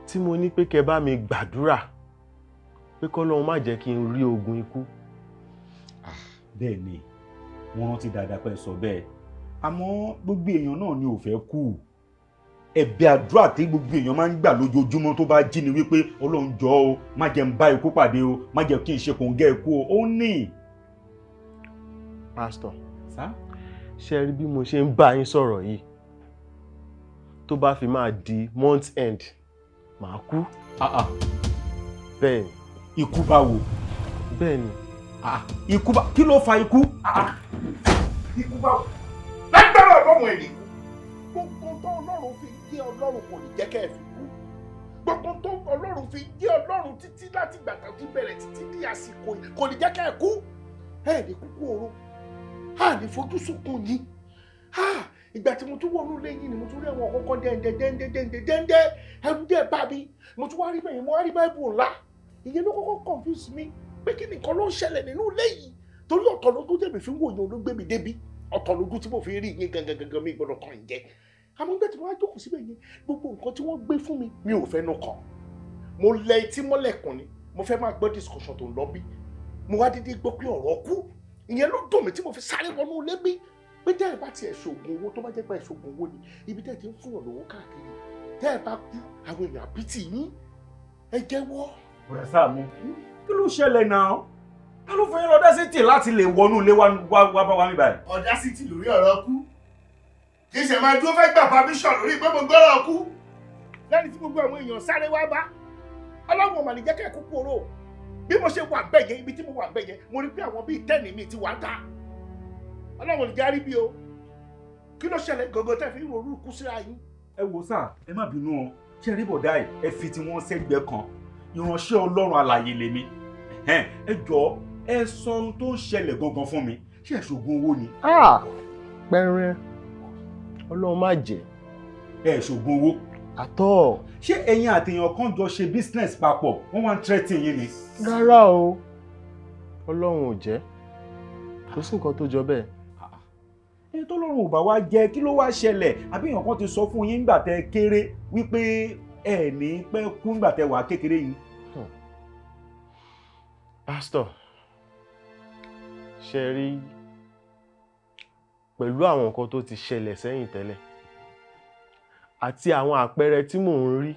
tí mo ní pé kẹ́ bá mi gbàdúrà pé kọ́lọ́run má jẹ́ kí n rí ogun ikú. Ah, bẹ́ẹ̀ ni wọ́n rántí dáadáa pé sọ bẹ́ẹ̀ àmọ́ gbogbo èèyàn náà ni ò fẹ́ kú. Cool ẹ̀bẹ̀ àdúrà tí gbogbo èèyàn máa ń gbà lójoojúmọ́ tó bá jí ni wípé Ọlọ́run jọ o má jẹ́ n bá ikú pàdé o má jẹ́ kí n ṣe kòńgẹ́ ikú o ó ní. pásítọ̀ ṣe rí bí mo ṣe ń bá yín sọ̀rọ̀ yìí tó bá fi máa di month end màá kú. bẹ́ẹ̀ ni. ikú bá wò. bẹ́ẹ̀ ni. ikú bá kí ló fa ikú. ikú bá wò. lágbára ọ̀dọ́ ọmọ ènìyàn gbogbo tó ọlọ́run fi jẹ́ ọlọ́run kò ní jẹ́ kẹ́ẹ̀fì kú gbogbo tó ọlọ́run fi jẹ́ ọlọ́run títí láti gbàtà tó bẹ̀rẹ̀ títí di àsìkò yìí kò ní jẹ́ kẹ́ẹ̀kú ẹ̀ ní kúkú oró a ní fojú sunkún ni ìgbà tí mo tún wọnú lẹ́yìn ni mo tún rí àwọn ọkọ̀ dẹ́ndẹ́ dẹ́ndẹ́ dẹ́ndẹ́ dẹ́ndẹ́ ẹrú bá mi mo tún wá rí bẹ́ẹ̀ mo wá rí báìbù ńlá ìyẹn ló kọ́kọ́ confuse mi pé kí nìkan ló ń ṣẹlẹ̀ nínú lẹ́yìn torí ọ̀tọ̀ lójú fi ń wòye olóògbé débi ọ̀tọ̀ tí mo fi rí ìyẹn gangan gangan mi gbọ́dọ̀ kàn jẹ́ amúgbẹ́ tí mo wá jókòó síbẹ̀ yẹn gbogbo nǹkan tí wọ́n gbé fún mi mi ò fẹ́ nu kàn mo lẹ etí mọ́lẹ̀kùn ni mo fẹ́ máa gbọ́ discussion tó ń lọ bí mo wá dídí gbọ́ pé ọ̀rọ̀ kú ìyẹn ló dùn mí tí mo fi sáré wọnú ilé bí pé tẹ́ ẹ̀ bá ti ẹ̀ṣoògùn owó tó bá jẹ́ pa ẹ̀ṣoògùn owó ni ibi tẹ́ ẹ̀ ti ń fún ọ̀lọ́wọ́ káàkiri tẹ́ ẹ̀ bá kú àwọn èèyàn àbítì yín ẹ jẹ́wọ́. bùrẹ̀ sáà mi kí ló ṣẹlẹ̀ náà ta ló fún yín lọ dá sí tì láti lè wọnú ilé wa kì í ṣe máa dúró fẹ́ gbà pàmíṣọ̀ lórí pé mo gbọ́dọ̀ kú lẹ́yìn tí gbogbo àwọn èèyàn sáré wá bá ọlọ́run ọ̀mà ní jẹ́ kẹ́ẹ̀kú kúrò bí mo ṣe wà bẹ́ẹ̀ yẹn ibi tí mo wà bẹ́ẹ̀ yẹn mo rí pé àwọn bíi tẹ́ẹ̀nì mi ti wà ń ta ọlọ́run ò ní járí bí o kí ló ṣẹlẹ̀ gọ́gọ́ tẹ́ fi ń rorú kú síra yín. ẹ wo sà ẹ má bínú o ṣe rí bọ̀dá ẹ̀ ẹ fi tí wọ́n sẹ́gbẹ̀ẹ́ kan ìránṣẹ́ ọlọ́run alàyè lèmi ẹ jọ ẹ sọ ohun tó ń ṣẹlẹ̀ gangan fún mi ṣe é ṣògùn owó ni. Ah, pẹ́ẹ́rẹ́ Ọlọ́run má jẹ́. ẹ ṣògùn owó. àtọ. ṣé ẹ̀yin àtẹ̀yàn kan jọ ṣe business papọ̀ wọ́n wá ń threaten yín ni. rárá o Ọlọ́run ò jẹ́ kò sí nǹkan tó jọ bẹ́ẹ̀. ẹni tó lọ́rùn ò bá wá jẹ́ kí ló wá ṣẹlẹ̀ àbí èèyàn kan ti sọ fún yín nígbà tẹ kéré wípé ẹ ní pẹ́ kú nígbà tẹ wà kékeré yìí. Hmm. pásítọ̀ ṣe rí pẹ̀lú àwọn nǹkan tó ti ṣẹlẹ̀ sẹ́yìn tẹ́lẹ̀ àti àwọn àpẹẹrẹ tí mò ń rí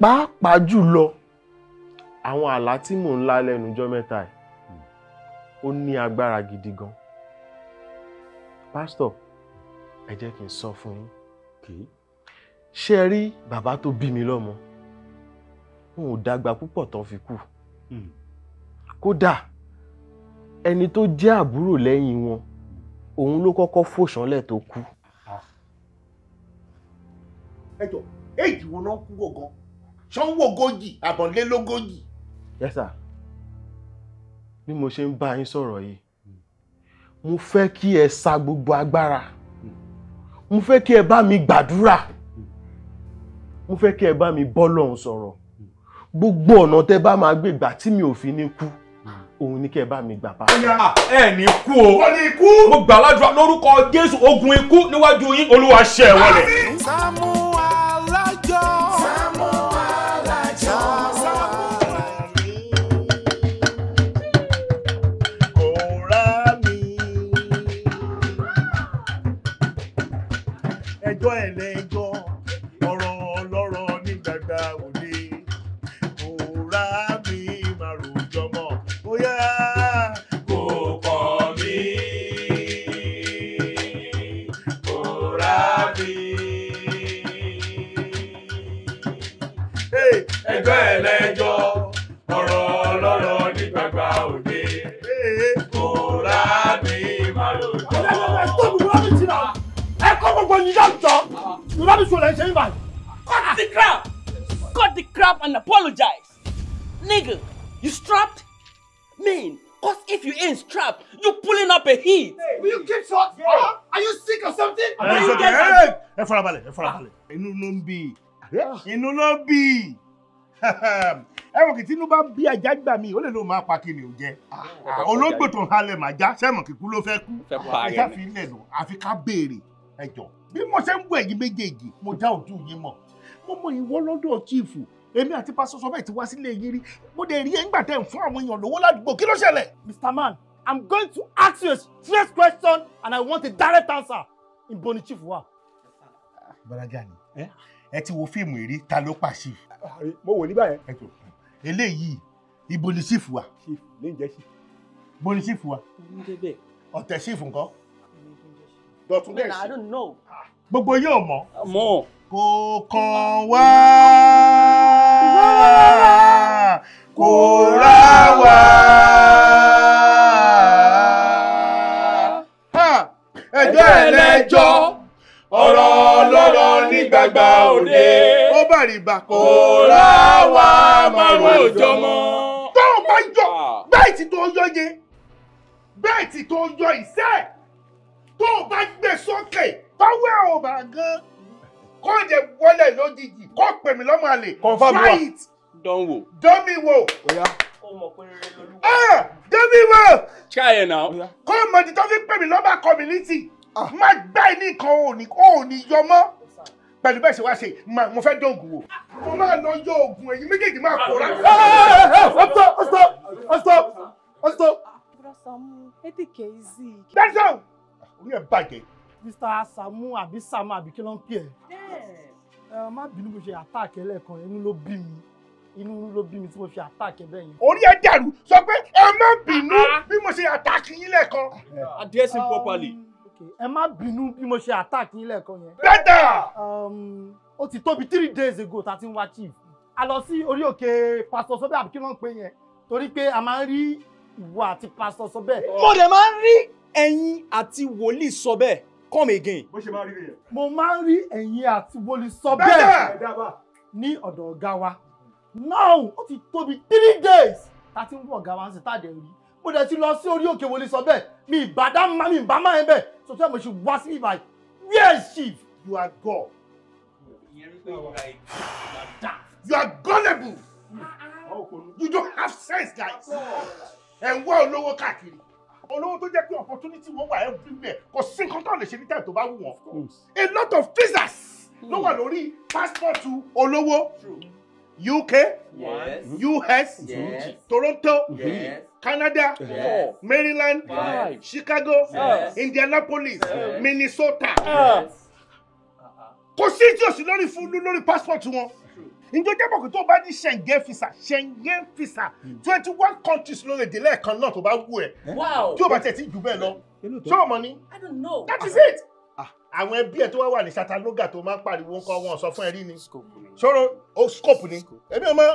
pàápàá jùlọ àwọn àlá tí mò ń lá lẹ́nu ọjọ́ mẹ́ta ẹ̀ ó ní agbára gidi gan pásítọ̀ ẹ jẹ́ kí n sọ fún yín ṣé rí bàbá tó bí mi lọ́mọ wọn ò dàgbà púpọ̀ tán fi kú hmm. kódà ẹni tó jẹ́ àbúrò lẹ́yìn wọn. Mm òun ló kọ́kọ́ fòṣánlẹ̀ tó kú. ẹ jọ éèjì wo náà kú gọgàn sanwó ogójì àbọ̀nlélógójì. yes sir bí mo ṣe ń bá yín sọ̀rọ̀ yìí mo fẹ́ kí ẹ sa gbogbo agbára mo fẹ́ kí ẹ bá mi gbàdúrà mo fẹ́ kí ẹ bá mi bọ́ lọ́hùn sọ̀rọ̀ gbogbo ọ̀nà tẹ́ bá máa gbé gbà tí mi ò fi ní kú. Mm òun ní kẹ́ ẹ bá mi gbà bá. Ah, ẹ ní ikú o ó ní ikú mo gbà ládùúrà lórúkọ Jésù ogun ikú níwájú yín Olúwa ṣẹ́ ẹ wọlẹ̀. Sàámú Alájọ. Sàámú gbogbo yín yá jọ yorùbá mi sọ̀rọ̀ ẹ̀ cut the crap cut the crap and apologize nigga you strapped mean cause if you ain't strapped you pulling up a heat. Hey, will you keep short? Yeah. Uh, are you sick or something? ẹ ṣe kẹ ẹ ẹ farabalẹ̀ ẹ farabalẹ̀. Ah. inú ló ń bí inú ló be. bí (laughs) ẹwọn kì tínú bá bí ajá gbà mí ó lè lóun máa pa kí ni ò jẹ ah, ah, olóògbò tó ń halẹ̀ màjá sẹ́mọ̀ kíkú ló fẹ́ kú ìsáfilẹ̀ lò àfi ká béèrè ẹjọ́ bí mo ṣe ń wọ ẹ̀yin méjèèjì mo dá ojú yín mọ̀ mo mọ ìwọ lọ́dọ̀ chiefu èmi àti pásọ bẹ́ẹ̀ ti wá sílé yín rí mo dẹ̀ rí ẹ̀yìn gbà tẹ̀ ń fún àwọn èèyàn lówó ládùúgbò kí ló ṣẹlẹ̀. Mr. Man, I'm going to ask you a straight question and I want a direct answer. In Boni Chief wà. Balagani. ni ẹ ti wo fíìmù yìí rí ta ló pàṣẹ. Mo wò nígbà yẹn. Eléyìí ibo Chief chiefu Chief. Chiefu lè jẹ́ Chief Ibo ni chiefu wà. Ọ̀tẹ̀ chiefu nǹkan. Dọ̀tún dẹ̀ sí. Gbogbo yóò mọ̀. Mọ̀. Kò kàn wá. Kò rá wá. Ẹjọ́ ẹlẹ́jọ́ ọ̀rọ̀ lọ́rọ̀ ní gbàgbà òde. Ó bàrì bà kò rá wá márùn òjọ́ mọ́. Tọ́wọ́n bá yọ ah. bẹ́ẹ̀tì tó yọ yẹ bẹ́ẹ̀tì tó yọ ìṣẹ́ ẹ̀ tó o bá gbé sókè báwẹ́ ò bá gan kó o jẹ wọlé lójijì kó o pè mí lọ́mọ àlè fight dánwò dánwò dánwò try it now kó o mọ̀ ní tó fi pè mí lọ́mọ community ah. má gbá ẹ ní nǹkan òní òní yọmọ́ pẹ̀lú bẹ́ẹ̀ ṣe wá ṣe mo fẹ́ dóògùn wò. mo máa lọ yọ oògùn ẹ̀yin méjèèjì máa kó rà. ọ̀sọ̀ ọ̀sọ̀ ọ̀sọ̀ ọ̀sọ̀. Brother Saamu, take it easy. That's all orí ẹ̀ bàjẹ́. mr samu àbí samu àbí kí ló ń pè ẹ́. ẹ má bínú mo ṣe àtàkì ẹlẹ́ẹ̀kan inú ló bí mi inú ló bí mi tí mo fi àtàkì bẹ́ẹ̀ yẹn. orí ẹ̀ dàrú sọ pé ẹ má bínú ah, ah. bí mo ṣe àtàkì yín lẹ́ẹ̀kan. Ah. address him um, properly. ẹ má bínú bí mo ṣe àtàkì yín lẹ́ẹ̀kan yẹn. bẹ́tà. Um, ó ti tóbi three days ago tá a ti ń wá chief a lọ sí orí òkè pastor sọbẹ àbí kí ló ń pè yẹn torí pé a máa ń rí ìwọ àti pastor sọbẹ. mo lè máa ń rí ẹ̀yin àti wòlíì sọ bẹ́ẹ̀ come again. bó ṣe máa rí rèé. mo máa ń rí ẹ̀yin àti wòlíì sọ bẹ́ẹ̀ ní ọ̀dọ̀ ọ̀gá wa now ó ti tóbi three days ta ti ń wọ ọ̀gá wa sí tàdé rí mo dẹ̀ ti lọ sí orí òkè wòlíì sọ bẹ́ẹ̀ mi ìbàdá máa mi ìbá máa ń bẹ̀ so fẹ́ mo ṣe wá sí ibà where is chief you are god. you are gullible ah, ah. you don't have sense guys ẹ̀ ń wá olówó káàkiri olówó tó jẹ́ pé opportunity wọn wà everywhere kò sí nǹkan tó lè ṣe ní time tó bá wù wọ́n a lot of visas hmm. ló wà lórí passport olówó UK yes. US yes. Toronto yes. Canada yes. Maryland yes. Chicago yes. Indianapolis yes. Minnesota kò sí tí o sì lórí fún lórí passport wọn ǹjẹ́ jẹ́ mọ̀ pé tó bá ní Schengen visa Schengen visa hmm. twenty one countries ló lè dé lẹ́ẹ̀kan náà tó bá wù ẹ́ eh? tí o bá tẹ̀ tí jù bẹ́ẹ̀ lọ ṣé o mọ̀ ni that is it ah. àwọn ẹbí ẹ tó wá wà ní Chattanooga tó máa ń pariwo nǹkan wọn sọ fún ẹ rí ni ṣòro o scope ni èmi ò mọ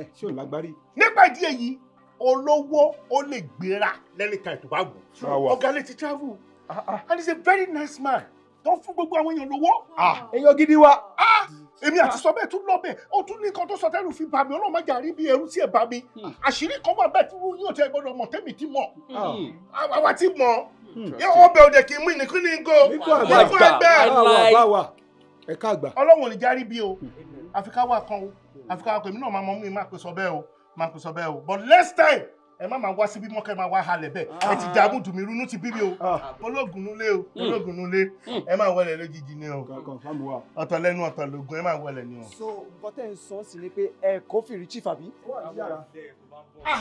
eh, ṣé o lágbárí. nípa ìdí èyí olówó ó lè gbéra lẹ́nìkan ètò bá wù ọ̀gá lè ti travel ah, ah. and he is a very nice man tó ń fún gbogbo àwọn èèyàn lówó. èèyàn ah. ah, gidi wa. Ah. èmi àti sọ bẹ́ẹ̀ tún lọ bẹ́ẹ̀ ó tún ní nǹkan tó sọ tẹ́lù fi bà mí ọlọ́run jà rí bí ẹrú sí ẹ̀ bà mí hmm. àṣírí kan wà bẹ́ẹ̀ tí wọ́n yóò tẹ́ gbọ́dọ̀ mọ̀ tẹ́mi ti mọ̀ hmm. àwa ti mọ̀ ọbẹ̀ hmm. òde kì í mú ìníkú ní go ìníkú ẹgbẹ́ ẹ̀ka àgbà. ọlọ́run ò ní járí bí o àfi kan o àfi kan èmi náà máa mọ mi máa pèsè ọbẹ̀ o máa pèsè ọbẹ̀ o but next time ẹ má máa wá síbí mọ́ máa wá halẹ̀ bẹ́ẹ̀ ah. ẹ ti dààmú dùn mí ti bí o ah. ológun o hmm. ológun hmm. ẹ má wọlé lójijì ni o ọ̀tọ̀ lẹ́nu ọ̀tọ̀ lógun ẹ má wọlé ni o. so nǹkan tẹ́ ń sọ sí ni pé ẹ kò fìrí chief àbí. Ah!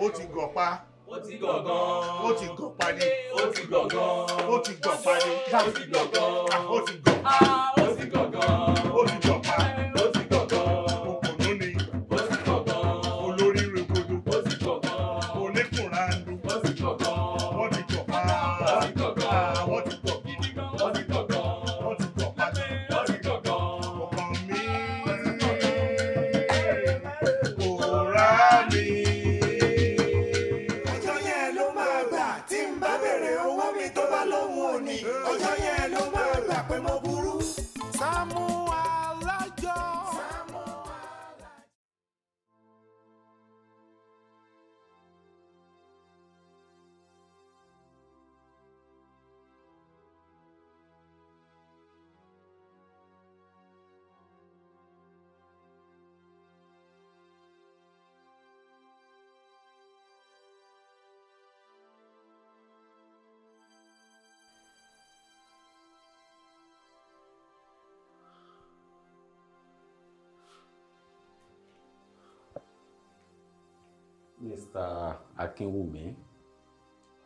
ó ti gọ̀pá ó ti gọ̀gán. ó ti gọ̀pá ni. ó ti gọ̀gán. ó ti gọ̀pá ni. ó ti gọ̀gán. ó ti gọ̀pá. ó ti gọ̀gán. Mr. Akínwùmí.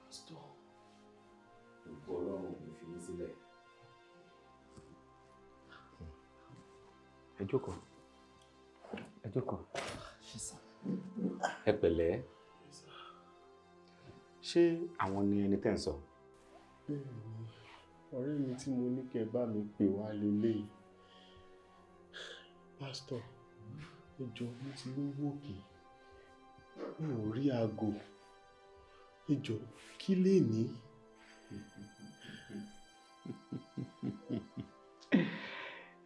Pásítọ̀. Ìpò ọlọ́run kò fi yín sílẹ̀. Ẹ jókòó. Ẹ jókòó. Ẹ pẹ̀lẹ́. Ṣé àwọn ni ẹni tẹ́ ń sọ? Bẹ́ẹ̀ni, ọ̀rẹ́ mi tí mo ní kẹ́ bá mi pè wá lélẹ́yìí. Pásítọ̀, ẹ jọ̀ọ́ mo ti lówó òkè. Okay mi ò rí aago ìjọ kí lè ní.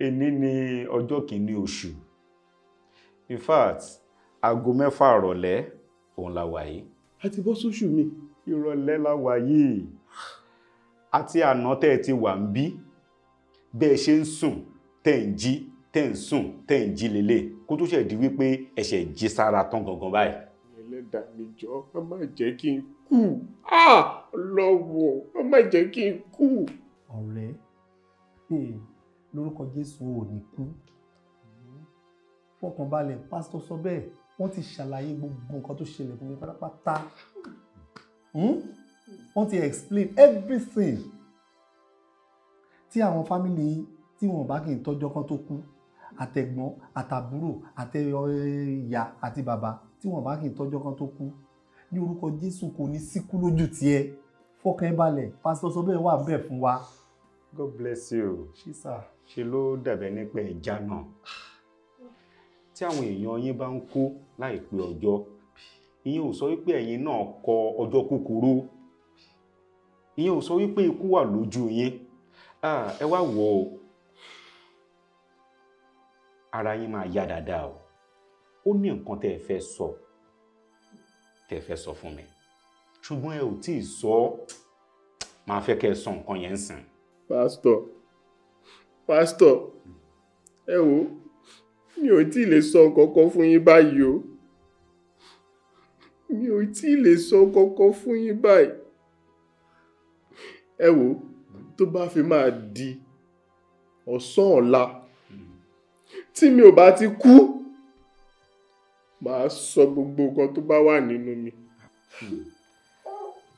èní ni ọjọ́ kìíní oṣù in fact aago mẹ́fà ìrọ̀lẹ́ òun la wà yìí. a ti bọ́ sóṣù mi. ìrọ̀lẹ́ la wà yìí àti àná tẹ́ ẹ ti wà ń bí bẹ́ẹ̀ ṣe ń sùn tẹ́ ń jí tẹ́ ń sùn tẹ́ ń jí lélẹ̀ kó tó ṣe di wípé ẹ̀ṣẹ̀ jí sára tán gangan báyìí ẹlẹ́dàá mi jọ ọ má jẹ́ kí n kú lọ́wọ́ ọ má jẹ́ kí n kú. ọ̀rẹ́ hmm, lórúkọ jésù ò ní kú fọkànbalẹ̀ pásítọ̀ sọ bẹ́ẹ̀ wọ́n ti ṣàlàyé gbogbo nǹkan tó ṣẹlẹ̀ fún mi pátápátá hmm? wọ́n ti explain everything tí àwọn fámìlì tí wọ́n bá kì í tọ́jọ́ kan tó kú àtẹ̀gbọ́n àtàbúrò àtẹ̀yọ eh, ìyá àti bàbá tí wọ́n bá kì í tọ́jọ́ kan tó kú ní orúkọ Jésù kò ní síkú lójú tiẹ̀ fọkàn balẹ̀ pásítọ̀ sọ bẹ́ẹ̀ wà bẹ́ẹ̀ fún wa. God bless you. ṣé sà. ṣe ló dàbẹ̀ nípa ẹja náà tí àwọn èèyàn yín bá ń kú láìpẹ́ ọjọ́ ìyẹn ò sọ wípé ẹ̀yin náà kọ ọjọ́ kúkúrú ìyẹn ò sọ wípé ikú wà lójú yín ẹ wá wò ó ara yín máa yá dáadáa o ó ní nǹkan tẹ́ ẹ fẹ́ sọ tẹ́ ẹ fẹ́ sọ fún mi ṣùgbọ́n ẹ ò tí ì sọ ọ́ máa fẹ́ kẹ́ ẹ sọ nǹkan yẹn sìn. pásítọ̀ pásítọ̀ ẹ wo mi ò tí ì lè sọ nǹkan kan fún yín báyìí o mi ò tí ì lè sọ kankan fún yín báyìí ẹ wo tó bá fi máa di ọ̀sán ọ̀la tí mi ò bá ti kú. Mm -hmm màá sọ gbogbo nǹkan tó bá wà nínú mi. Hmm.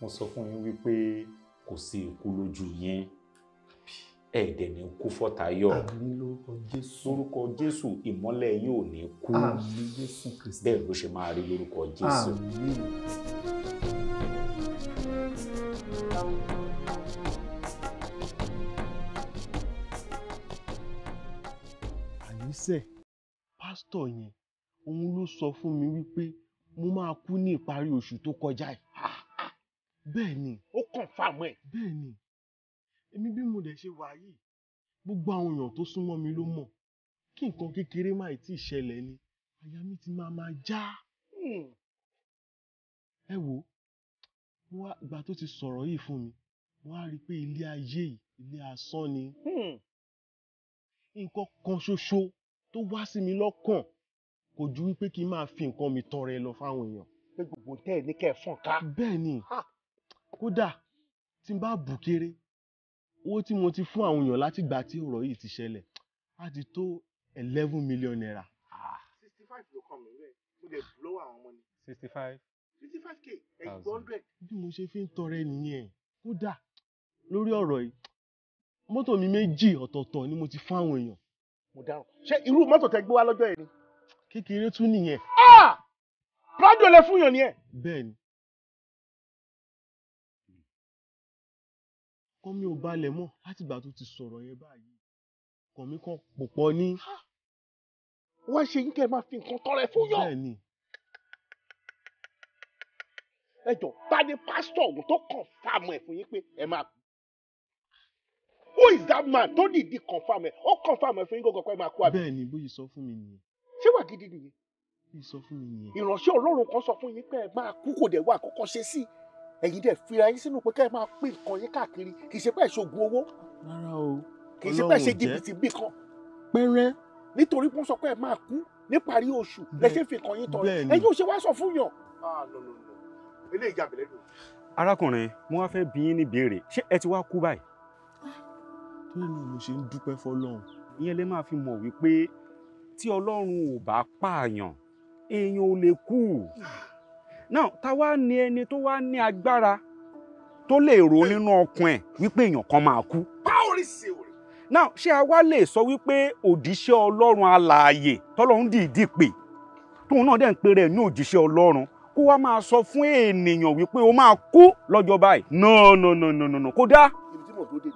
mo sọ fún yín wípé kò sí ikú lójú yín ẹ̀ẹ́dẹ̀ ní kú fọ́tayọ̀ lórúkọ jésù ìmọ́lẹ̀ yín ò ní kú bẹ́ẹ̀ ló ṣe máa rí lórúkọ jésù. àníṣe pásítọ̀ yẹn òun ló sọ fún mi wípé mo máa kú ní ìparí oṣù tó kọjá yìí. bẹ́ẹ̀ ni. ó kàn fáàmù ẹ̀. bẹ́ẹ̀ ni èmi bí mo dẹ̀ ṣe wà yìí gbogbo àwọn èèyàn tó súnmọ́ mi ló mọ̀ kí nǹkan kékeré má tí ì ṣẹlẹ̀ ni àyà mi ti máa máa já. Hmm. ẹ wo ìgbà tó ti sọ̀rọ̀ yìí fún mi wọ́n á rí i pé ilé ayé yìí ilé asán ni. Hmm. nǹkan kan ṣoṣo tó wá sí mi lọ́kàn kò ju wípé kí n máa fi nǹkan mi tọrẹ lọ fáwọn èèyàn. pé gbogbo tẹ́ ẹ̀ ní kẹ́ ẹ̀ ká. bẹ́ẹ̀ ni kódà tí n bá bù kéré owó tí mo ti fún àwọn èèyàn látìgbà tí ọ̀rọ̀ yìí ti ṣẹlẹ̀ á ti tó eleven million naira. sixty five ló kàn mí rẹ̀ mo lè bù àwọn ọmọ ni. sixty five. sixty five k eight hundred. bí mo ṣe fi ń tọrẹ nìyẹn kódà lórí ọ̀rọ̀ yìí mọ́tò mi méjì ọ̀tọ̀ọ̀tọ̀ ni mo ti fún àwọn èèyàn. mo dáhùn ṣé irú mọ́tò tẹ gbé wá lọ́jọ́ yẹn ni kékeré tún nìyẹn. prado ah! lè fún yàn ni ẹ. bẹ́ẹ̀ni kọ́mi ò balẹ̀ mọ́ láti ìgbà tó ti sọ̀rọ̀ yẹn báyìí kọ̀mí kan pò pọ̀ ní. wọ́n ṣe yín kẹ́ ẹ máa fi nǹkan tọrẹ fún yàn. bẹ́ẹ̀ni. ẹ jọ pàdé pásítọ̀ ọ̀gùn tó kàn fáàmù ẹ̀ fún yín pé ẹ máa who is that man tó dìdí confam ẹ ó confam ẹ fún yín gbọgbọ pé máa kú àbí. bẹ́ẹ̀ni bóyá sọ fún mi nìyẹn ṣé wà gidi nìyẹn. mi sọ fún mi yẹn. ìránṣẹ́ ọlọ́run kan sọ fún yín pé ẹ máa kú kò dẹ̀ wá àkọ́kọ́ ṣe sí ẹ̀yin dẹ̀ fira yín sínú pé ká ẹ máa pè nǹkan yín káàkiri kì í ṣe pé ṣoògùn owó. rárá o kì í ṣe pé ṣe jìbìtì bí kan. pẹ́rẹ́. nítorí wọ́n sọ pé ẹ máa kú níparí oṣù lẹ ṣe fi kàn yín tọrọ ẹ̀yin ò ṣe wá sọ fún yàn. Ah, eléyìí jà bẹ̀rẹ̀ dùn. arákùnrin mo wá fẹ́ bi yín ní béèrè ṣé ẹ ti wá kú báyìí. tó yẹ ni mo ṣe ń dúpẹ́ fọlọ́run. ìyẹn lè máa fi mọ̀ wípé tí ọlọ́run ò bá pààyàn èèyàn ò lè kú náà táwa ni ẹni tó wá ní agbára tó lè rò nínú ọkàn ẹ̀ wípé èèyàn kan máa kú. báwo now ṣé a wá lè sọ wípé òjíṣẹ́ ọlọ́run alààyè tọ́lọ́run dìídì pè tóun náà dẹ̀ ń pe rẹ̀ ní òjíṣẹ́ ọlọ́run kó wá máa sọ fún ènìyàn wípé o máa kú lọ́jọ́ báyìí no no no no no kódà. ibi tí mo tó dé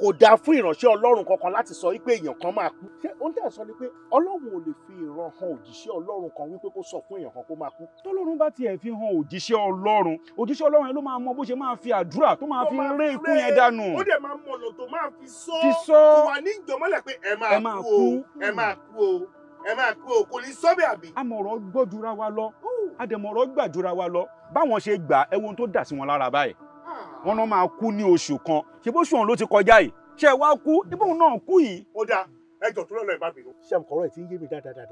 kò dáa fún ìránṣẹ́ ọlọ́run kankan láti sọ wípé èèyàn kan máa kú. ṣé ohun tí a sọ ni pé ọlọ́run ò lè fi ìran han òjíṣẹ́ ọlọ́run kan wípé kó sọ fún èèyàn kan kó máa kú. tọ́lọ́run bá tiẹ̀ fi han òjíṣẹ́ ọlọ́run òjíṣẹ́ ọlọ́run yẹn ló máa mọ bó ṣe máa fi àdúrà tó máa fi ré ikú yẹn dànù. ó dẹ̀ máa mọ̀nà tó máa fi sọ kò wà ní ìjọmọ́lẹ̀ pé ẹ máa kú o ẹ máa kú o ẹ máa kú o kò ní sọ́bẹ̀ àbí. amọ̀rọ̀ gbọ́dúra wa lọ adẹ̀mọ̀rọ̀ gbàdúra wa lọ báwọn ṣe gbà ẹ wo ohun tó dà sí wọn lára báyìí wọn náà máa kú ní oṣù kan ṣe bóṣù ọ̀hún ló ti kọjá yìí ṣe wá kú ibóhùn náà kú yìí. ó dáa ẹjọ tó lọlọ ìbábìrún. ṣé àmì kọ̀ọ̀rọ̀ ẹ̀ ti ń yé mi dáadáa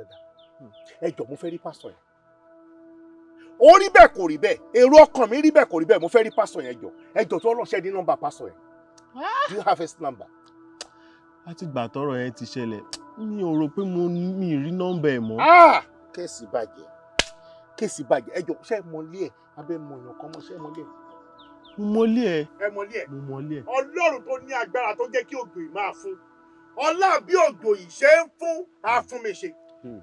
hmm. ẹjọ mo fẹ́ rí pásítọ̀ yẹn. ó rí bẹ́ẹ̀ kò rí bẹ́ẹ̀ èrò ọkàn mi rí bẹ́ẹ̀ kò rí bẹ́ẹ̀ mo fẹ́ rí pásítọ̀ yẹn ẹjọ ẹjọ tó ọlọ́ṣẹ́ ní nọ́mbà pásítọ̀ yẹn ah! do you have his number. láti gbà tọ̀rọ̀ yẹn ti ṣẹlẹ̀ mi ò rò pé mo mi rí nọ́mbà ah! ẹ mọ́. kéèsì bàjẹ́ kéèsì bàjẹ́ ẹjọ ṣẹ́ mọ́lé ẹ̀ abẹ́ mọ̀ọ́yàn kan mọ́ ṣẹ́ mọ́lé ẹ̀ mo mọlé ẹ. ẹ mọlé ẹ mo mọlé ẹ. ọlọ́run tó ní agbára tó jẹ́ kí òjò yìí máa fún ọlá bí òjò yìí ṣe ń fún afúnmiṣe hmm.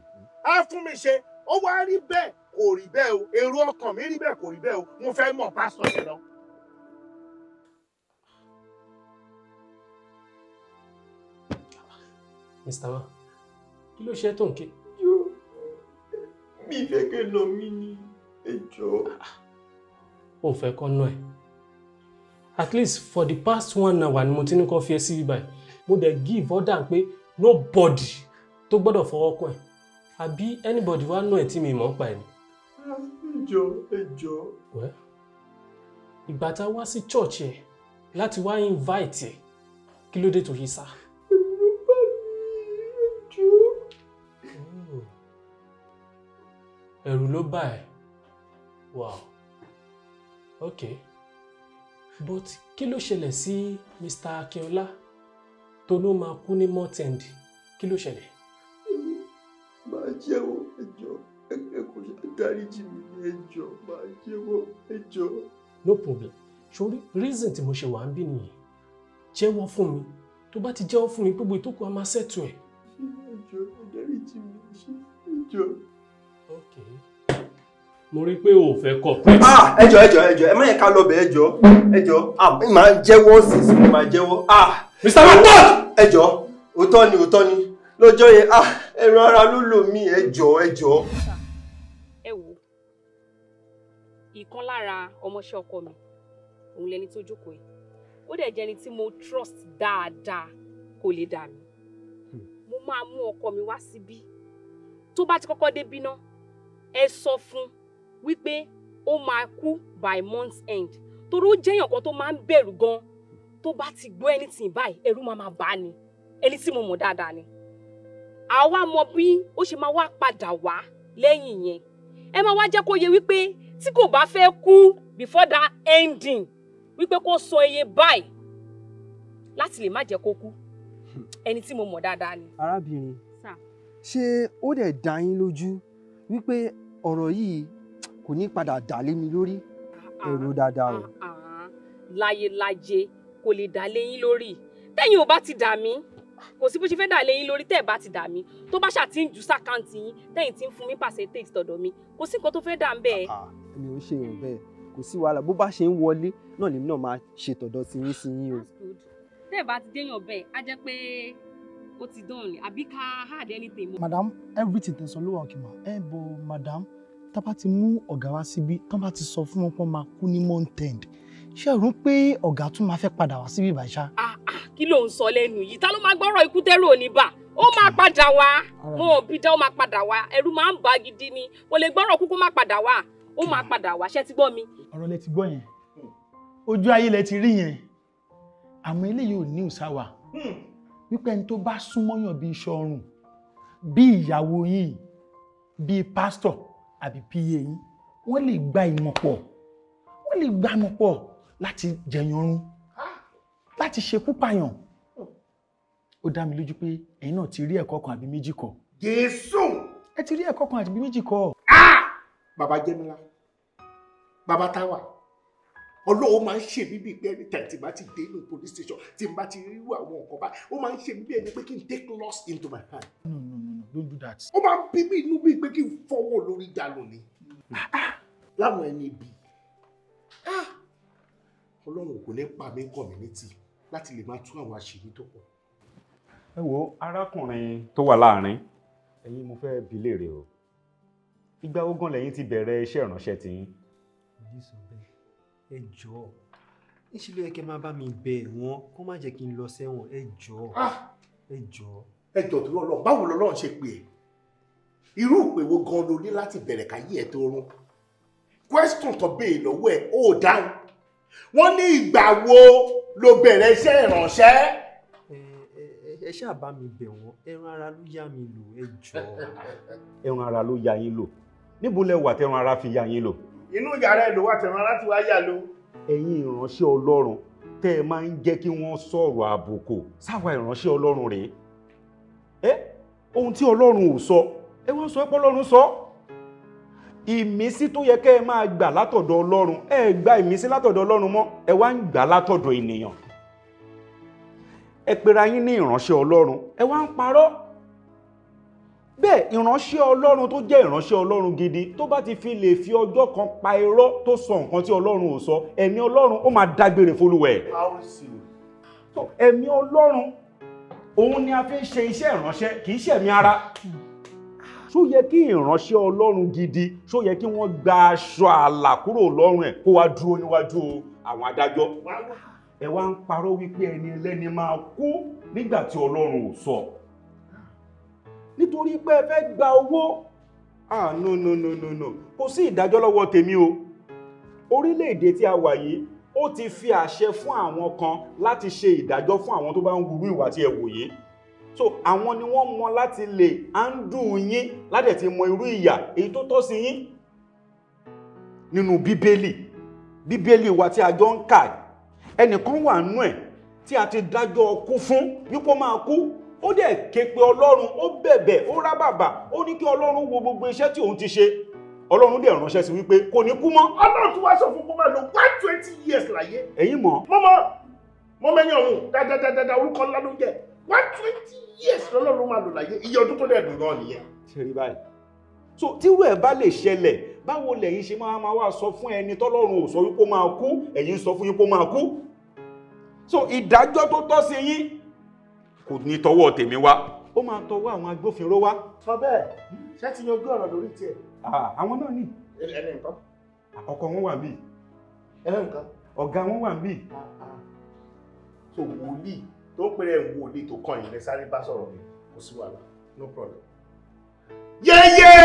afúnmiṣe ó wá rí bẹ́ẹ̀ kò rí bẹ́ẹ̀ o èrò ọkàn mi rí bẹ́ẹ̀ kò rí bẹ́ẹ̀ o mo fẹ́ mọ̀ pásítọ̀ yẹn lọ. Mr. Wa, kí ló ṣe tó ń ké? Yóò mi fẹ́ kẹ́ lọ mí ní ẹjọ́. Ah, ah. Ó fẹ́ kọ́ náà ẹ̀ at least for the past one hour ni mo ti ní kó fi ẹ síbi báyìí mo dẹ̀ give order pé nobody tó gbọ́dọ̀ fọwọ́ kàn ẹ̀ àbí anybody wá nà ẹ̀ tí mi mọ̀ ń pa ẹ̀ ni. ẹjọ ẹjọ. wẹ́ ìgbà tá a wá sí church yẹn láti wá invite ẹ kí ló dé tó yí sá. Hmm. ẹ̀rù bá ló bá ẹ̀ wow okay but kí ló ṣẹlẹ̀ sí Mr. Akínọlá tó ló máa kú ní mọ́tẹ́ǹd kí ló ṣẹlẹ̀. ẹ̀rù máa jẹ́wọ́ ẹjọ́ ẹgbẹ́ kò ṣe dáríjì mi ní ẹjọ́ máa jẹ́wọ́ ẹjọ́. no problem sori reason tí mo ṣe wà ń bí nìyẹn jẹ́wọ́ fún mi tó bá ti jẹ́wọ́ fún mi gbogbo ìtókù a máa ṣètò ẹ̀. ṣé ẹjọ́ dáríjì mi ṣe ẹjọ́. okay mo rí pé o fẹ́ cooperate. ah ẹjọ ẹjọ ẹjọ ẹ má yẹ ká lọ bẹ ẹjọ ẹjọ ah màá jẹ́wọ́ sísè mo máa jẹ́wọ́ ah. mr macdonald. ẹjọ òótọ́ ni òótọ́ ni lọ́jọ́ yẹn ah ẹran ara ló lò mí ẹjọ ẹjọ. ẹ wo ìkan lára ọmọọṣẹ́ ọkọ mi òun lẹni tó jókòó yìí ó dẹ̀ jẹ́ ẹni tí mo trust dáadáa kò lè dà mí mo máa mú ọkọ mi wá síbí tó bá ti kọ́kọ́ débí náà ẹ sọ fún un wípé ó máa kú by month end torí ó jẹ́yàn kan tó máa ń bẹ̀rù gan tó bá ti gbọ́ anything báyìí ẹ̀rù máa máa bá ni ẹni tí mo mọ̀ dáadáa ni àwa mọ bí ó ṣe máa wá padà wá lẹ́yìn yẹn ẹ máa wá jẹ́ kó yẹ wípé tí kò bá fẹ́ kú before that ending wípé kó sọ iye báyìí láti lè má jẹ́ kó kú ẹni tí mo mọ̀ dáadáa ni. arábìnrin ṣé ó dẹ̀ dá yín lójú wípé ọ̀rọ̀ yìí kò ní padà dà lé mi lórí èrò ah, dáadáa o. Ah, ah. láyéláyé kò lè dà lé yín lórí tẹ́yìn ò bá ti dà mí kò sí bó ṣe fẹ́ dà lé yín lórí tẹ́ ẹ̀ bá ti dà mí tó bá ṣàtì ń jù sàkáǹtì yín tẹ́yìn tí ń fún mi percentage tọ̀dọ̀ mi kò sí nǹkan tó fẹ́ dà ń bẹ́ẹ̀. èmi ò ṣe èrò kò sí wàhálà bó bá ṣe ń wọlé náà lèmi náà máa ṣe tọ̀dọ̀ sí yín sí yín o. tẹ́ ẹ̀ bá ti déyàn bẹ́ẹ̀ á jẹ́ pé ó ti dán ni àbí ká hard anything. madam everything tẹ̀sán ló wà òkè mà ẹ bo madam tá bá ti mú ọ̀gá wá síbí tán bá ti sọ fún wọn pé wọ́n máa kú ní month end ṣé ẹ̀rù ń pé ọ̀gá tún máa fẹ́ padà wá síbí ìbàṣá. Ah, ah, kí ló ń sọ lẹ́nu yìí ta ló máa gbọ́rọ̀ ikú tẹ́rù òní bá ó máa padà wá mo ò bí dá ó máa padà wá ẹ̀rù máa ń bà gidi ni mo lè gbọ́rọ̀ kúkú máa padà wá ó máa padà wá ṣé ti gbọ́ mi. ọ̀rọ̀ lẹ ti gbọ́ yẹn ojú ayé lẹ ti rí yẹn àmọ́ eléyìí ò ní ìsáwà hmm. wípé ẹni tó bá súnmọ́yàn bíi iṣan bíi ìyàwó yìí bíi pásítọ̀ àbí pa yín wọ́n lè gba ìmọ̀ pọ̀ wọ́n lè gba ìmọ̀ pọ̀ láti jẹyanrun láti ṣekú pààyàn ó dá mi lójú pé ẹ̀yin náà ti rí ẹ̀kọ́ kan àbí méjì kọ́. Jésù. ẹ ti rí ẹ̀kọ́ kan àbí méjì kọ́. bàbá Jẹ́mílà bàbá Táwà ọlọ́wọ́ máa ń ṣe mí bíi pé ẹni tàìtì bá ti dé inú police station tí n bá ti rí irú àwọn nǹkan báyìí ó máa ń ṣe mí bíi ẹni pé kí n take loss into my hand. no no no no don't do that. ó máa ń bí mí inú bíi pé kí n fọwọ́ lórí dànù ni hmm. ah, ah, láwọn ẹni ibi ah, ọlọ́run kò ní pa mí community láti lè máa tú àwọn àṣírí tó pọ̀. ẹ wo arákùnrin tó wà láàrin ẹ̀yin mo fẹ́ bi léèrè o ìgbà ogún lẹ́yìn ti bẹ̀rẹ̀ iṣẹ́ ìránṣẹ́ tiyín ẹ jọ̀ọ́ níṣẹ́ ló yẹ kẹ́ máa bá mi bẹ̀ wọ́n kó má jẹ́ kí n lọ sẹ́wọ̀n ẹ jọ̀ọ́ ah! ẹ tó lọ́ọ́ báwo lọ́lọ́run ṣe pè é irú ìpè wo gan ló ní láti bẹ̀rẹ̀ káyé ẹ̀ tó rún question tó béè lọ́wọ́ ẹ̀ ó dáhùn wọ́n ní ìgbà wo ló bẹ̀rẹ̀ iṣẹ́ ìrànṣẹ́. ẹ ṣáà bá mi bẹ̀ wọ́n ẹran ara ló yá mi lò ẹ (laughs) ẹran ara ló yá yín lò níbo lẹ wà tẹran ara fi yá yín lò inú yàrá ẹ̀ ló wà tẹ̀ràn láti wá yà ló. ẹ̀yin ìránṣẹ́ ọlọ́run tẹ́ ẹ máa ń jẹ́ kí wọ́n sọ̀rọ̀ àbùkù sáwa ìránṣẹ́ ọlọ́run rèé ẹ ohun tí ọlọ́run ò sọ ẹ wọ́n sọ pé ọlọ́run sọ ìmísí tó yẹ kẹ́ ẹ máa gbà látọ̀dọ̀ ọlọ́run ẹ gba ìmísí látọ̀dọ̀ ọlọ́run mọ́ ẹ wá ń gbà látọ̀dọ̀ ènìyàn ẹ pera yín ní ìránṣẹ́ ọlọ́run ẹ wá ń parọ́ bẹ́ẹ̀ ìránṣẹ́ ọlọ́run tó jẹ́ ìránṣẹ́ ọlọ́run gidi tó bá ti fi lè fi ọjọ́ kan pa irọ́ tó sọ nǹkan tí ọlọ́run ò sọ ẹ̀mí ọlọ́run ó máa dágbére fólúwẹ̀. ẹ̀mí ọlọ́run òun ni a fi ń ṣe iṣẹ́ ìránṣẹ́ kì í ṣẹ̀mí ara ṣó yẹ kí ìránṣẹ́ ọlọ́run gidi ṣó yẹ kí wọ́n gba aṣọ àlà kúrò lọ́rùn ẹ̀ kó wá dúró níwájú àwọn adájọ́ ẹ wá ń parọ́ wípé ẹni ẹlẹ́ni máa kú nígbà tí ọlọ́run ò sọ nítorí pé ẹ fẹ́ gba owó ah no no no no no kò sí ìdájọ́ lọ́wọ́ tèmi o orílẹ̀-èdè tí a wà yìí ó ti fi àṣẹ fún àwọn kan láti ṣe ìdájọ́ fún àwọn tó bá ń wúrú ìwà tí ẹ wò so àwọn ni wọ́n mọ láti lè áńdù yín láti ti mọ irú ìyà èyí tó tọ́ sí yín nínú bíbélì bíbélì wa tí a jọ ń kà ẹnìkan wà nú ẹ̀ tí a ti dájọ́ kú fún wípé ó máa kú ó dẹ̀ ké pe ọlọ́run ó bẹ̀bẹ̀ ó rá bàbà ó ní kí ọlọ́run wo gbogbo iṣẹ́ tí òun ti ṣe ọlọ́run dẹ̀ ránṣẹ́ sí wípé kò ní kú mọ́. ọlọ́run tí wàá sọ fún kúmọ̀ ló one twenty years láyé. èyí mọ̀. mo mọ mo mẹ́yìn ọ̀hún dáadáa orúkọ ńlá ló jẹ́ one twenty years lọ́lọ́run máa lò láyé iye ọdún tó dẹ̀ dùn náà nìyẹn. ṣe rí báyìí so tírú ẹ̀ bá lè ṣẹlẹ̀ báwo lẹ̀yin ṣe máa máa wá sọ fún ẹni tọ́lọ́run ò sọ wípé kó máa kú ẹ̀yin sọ fún yín kó máa kú so ìdájọ́ tó tọ́ sí yín kò ní tọwọ́ tèmi wá ó máa tọwọ́ àwọn agbófinró wá. sọ bẹ́ẹ̀ ṣé ti yanjú ọ̀rọ̀ lórí tiẹ̀. àwọn náà nì. ẹni nǹkan. àkọ́kọ́ wọn wà ń bì. ẹni nǹkan. ọ̀gá wọn wà ń bì. tó wòlíì tó pèrè wòlíì tó kàn yín lẹ sáré bá sọ̀rọ̀ mi kò sí wàhálà no problem. yẹ́yẹ́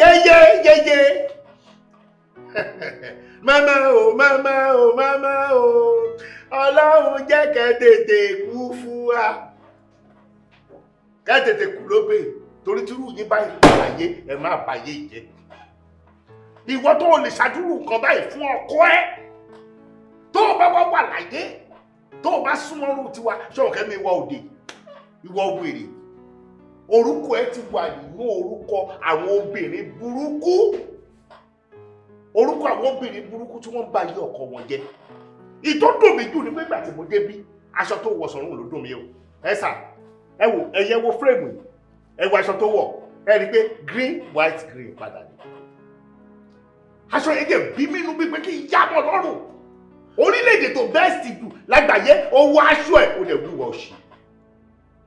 yẹ́yẹ́ yẹ́yẹ́ mama o mama o mama o ọlọ́run jẹ́ kẹ́tètè kú fún wa kẹ́tètè kú ló pè torí tírú yín báyìí láyé ẹ máa báyé jẹ ìwọ tó o lè ṣàdúrù nǹkan báyìí fún ọkọ ẹ tó o bá wá wà láyé tó o bá súnmọ́ rú tiwa ṣọ̀kẹ́ mi wá òde ìwọ wèrè orúkọ ẹ ti wà nínú orúkọ àwọn obìnrin burúkú orúkọ àwọn obìnrin burúkú tí wọ́n ń ba ayé ọkọ wọn jẹ́ ìtọ́ dùn mí jù ní pé gbàtí mo débí aṣọ tó wọ sọ̀rùn ló dùn mí o ẹ sà ẹ wò ẹyẹ wo fúrèmù yìí ẹ wo aṣọ tó wọ ẹ rí i pé green white green padà ni aṣọ yẹn jẹ bí mínú bí pé kí n yá bọ̀ lọ́rùn orílẹ̀-èdè tó bẹ́ẹ̀sì jù lágbàáyé owó aṣọ ẹ̀ ó lè wúwo ọ̀ṣì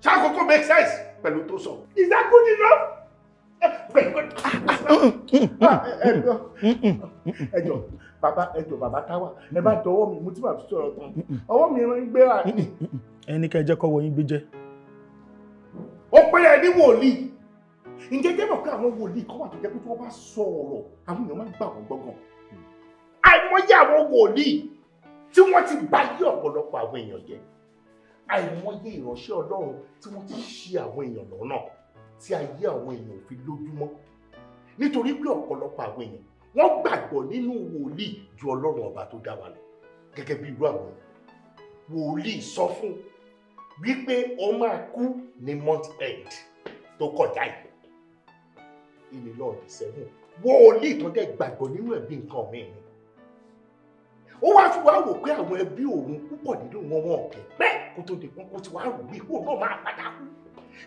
ṣàkókò make sense pẹ̀lú tó sọ is that good enough? ẹjọ bàbá ẹjọ bàbá táwà ẹ bá tọwọ́ mi mú tí bàbá sọ̀rọ̀ tán ọwọ́ mi ń gbé wà. ẹni ká ẹ jẹ́ kọ́wọ́ yín gbé jẹ́. ó pé ẹ ní wòlíì ǹjẹ́ jẹ́ mọ̀ pé àwọn wòlíì kọ́ wà tó jẹ́ pé tí wọ́n bá sọ ọ̀rọ̀ àwọn èèyàn máa ń gbà wọ́n gbọ́ngàn. àìmọye àwọn wòlíì tí wọ́n ti bá yé ọ̀pọ̀lọpọ̀ àwọn èèyàn jẹ́ àìmọye ìránṣẹ́ ọlọ́run tí wọ́n ti ṣì àwọn èèyàn lọ́nà tí ayé àwọn èèyàn ò fi lójúmọ́ nítorí pé ọ̀pọ̀lọpọ̀ àwọn èèyàn wọ́n gbàgbọ́ nínú wòlíì ju ọlọ́run ọba tó dá wa lọ gẹ́gẹ́ bí irú àwọn wòlíì sọ fún wípé ó máa kú ní month end tó kọjá yìí ìnìlọ ọdún sẹ́yìn wòlíì tó dẹ̀ gbàgbọ́ nínú ẹ̀bí nǹkan mìíràn ó wá fi wá wò pé àwọn ẹbí òun púpọ̀ nínú wọn wọn kẹ̀ pẹ́ kó tó di pọ́n kó ti wá rò wí kó náà máa padà kú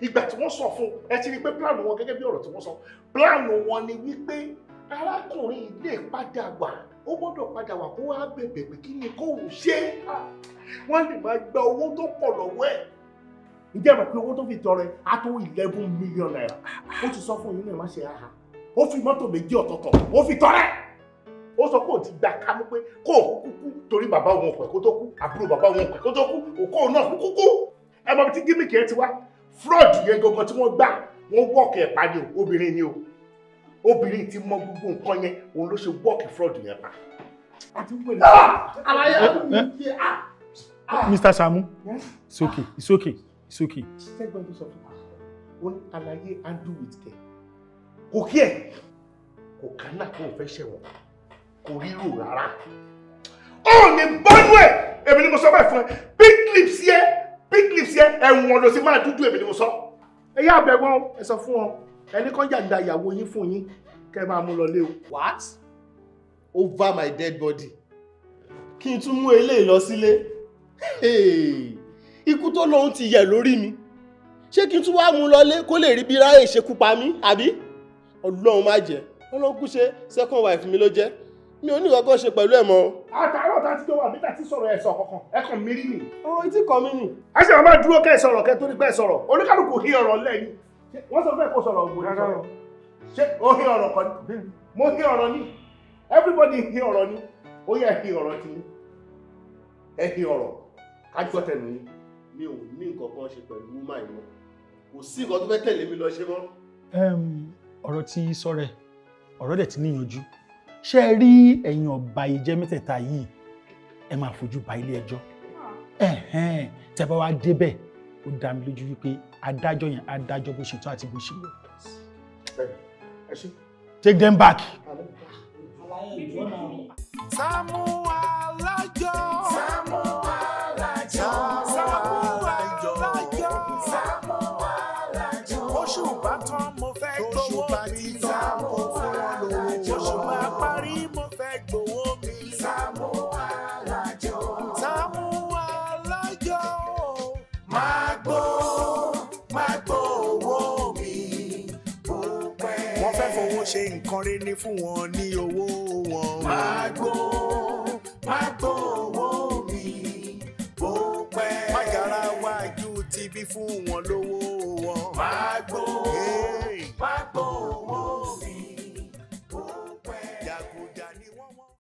ìgbà tí wọ́n sọ fún ẹ ti rí pé pílánù wọn gẹ́gẹ́ bí ọ̀rọ̀ tí wọ́n sọ pílánù wọn ni wípé arákùnrin ilé padà wà ó gbọ́dọ̀ padà wà kó wá bẹ̀bẹ̀ pé kí ni kò ń ṣe wọ́n lè máa gba owó tó pọ̀ lọ́wọ́ ẹ̀ ǹjẹ́ mọ̀ pé owó tó fi tọrẹ á tó eleven million naira ó ti sọ fún yín náà má ṣe àhà ó fi mọ́tò méjì ọ̀tọ̀ọ̀tọ̀ ó fi tọrẹ ó sọ pé ó ti gbà kámú pé kó o kúkú kú torí bàbá òun ọ̀pẹ̀ kó tó kú àbúrò bàbá òun ọ̀pẹ̀ kó tó kú òkú òun náà kúkú kú ẹ mọ̀ bí tí gímìkì ẹ ti wá fraud yẹn gangan tí wọ́n gbà wọ́n wọ́ọ̀kì ẹ̀ pa o obìnrin ni o obìnrin tí mọ gbogbo nǹkan yẹn òun ló ṣe wọ́ọ̀kì fraud yẹn pa. Ah! Ah! Ah! Mr. Saamu it's okay it's okay it's okay. sẹ́gbọ̀n tó sọ fún mi ó ní àlàyé handle with care kò kí ẹ̀ kò kánà kó o fẹ́ ṣẹ̀wọ̀n kò ríro rárá. ó ní bọ́nú ẹ̀ èmi ni mo sọ bẹ́ẹ̀ fún ẹ big lips yẹ big lips yẹ ẹ̀wọ̀n lọ sí máa dúdú èmi ni mo sọ. ẹ yá àbẹ̀wọ̀n ẹ sọ fún wọn ẹni kan jàǹdà ìyàwó yín fún yín kẹ́ máa mú lọ lé o. what over my dead body kí n tún mú eléyìí lọ sílé ikú tó lóun ti yẹ lórí mi ṣé kí n tún wá mú lọlé kó lè rí bí ráyè ṣekú pa mí àbí ọlọ́run má jẹ́ ọlọ́run kú ṣe second wife mi ló jẹ́ mi ò ní kankan ṣe pẹ̀lú ẹ̀ mọ́. àtàárọ̀ tá a ti tó wà níta tí sọ̀rọ̀ ẹ̀sọ̀ kankan ẹ̀kan mi rí nì. ọ̀rọ̀ etí kan mi nì. a ṣe máa dúró kẹ́ ẹ̀ sọ̀rọ̀ kẹ́ torí pé ẹ̀ sọ̀rọ̀ oníkálukú hí ọ̀rọ̀ lẹ́yìn wọ́n sọ fún ẹ̀ kó sọ̀rọ̀ ògbò ní sọ̀rọ̀ ṣé ó hí ọ̀rọ̀ kan mo hí ọ̀rọ̀ ní everybody hí ọ̀rọ̀ ní ó yẹ hí ọ̀rọ̀ tí ẹ hí ọ̀rọ̀ kájọ́ tẹ̀lé ní mi ò ní nǹkan kan ṣe pẹ̀lú wúmà ìmọ̀ kò sí nǹkan tó fẹ́ tẹ̀lé mi lọ ṣe mọ́. ọ̀rọ̀ tí sọ̀rẹ̀ ọ̀rọ̀ dẹ̀ ti níyanjú ṣé ẹ rí ẹ̀yin ọba ìjẹ́ mẹ́tẹ̀ẹ̀ta yìí ẹ máa fojú ba ilé ẹjọ́ ah. tẹ́ bá wá débẹ̀ ó dá mi lójú wípé adájọ́ yẹn adájọ́ bó ṣe tó àti bó ṣe yọ. take them back. Samuel. ọ̀rẹ́ ní fún wọn ní owó wọn. Magbo, magbo owó mi, bó pẹ́. Mágara wájú ti bí fún wọn lówó wọn. Magbo, magbo owó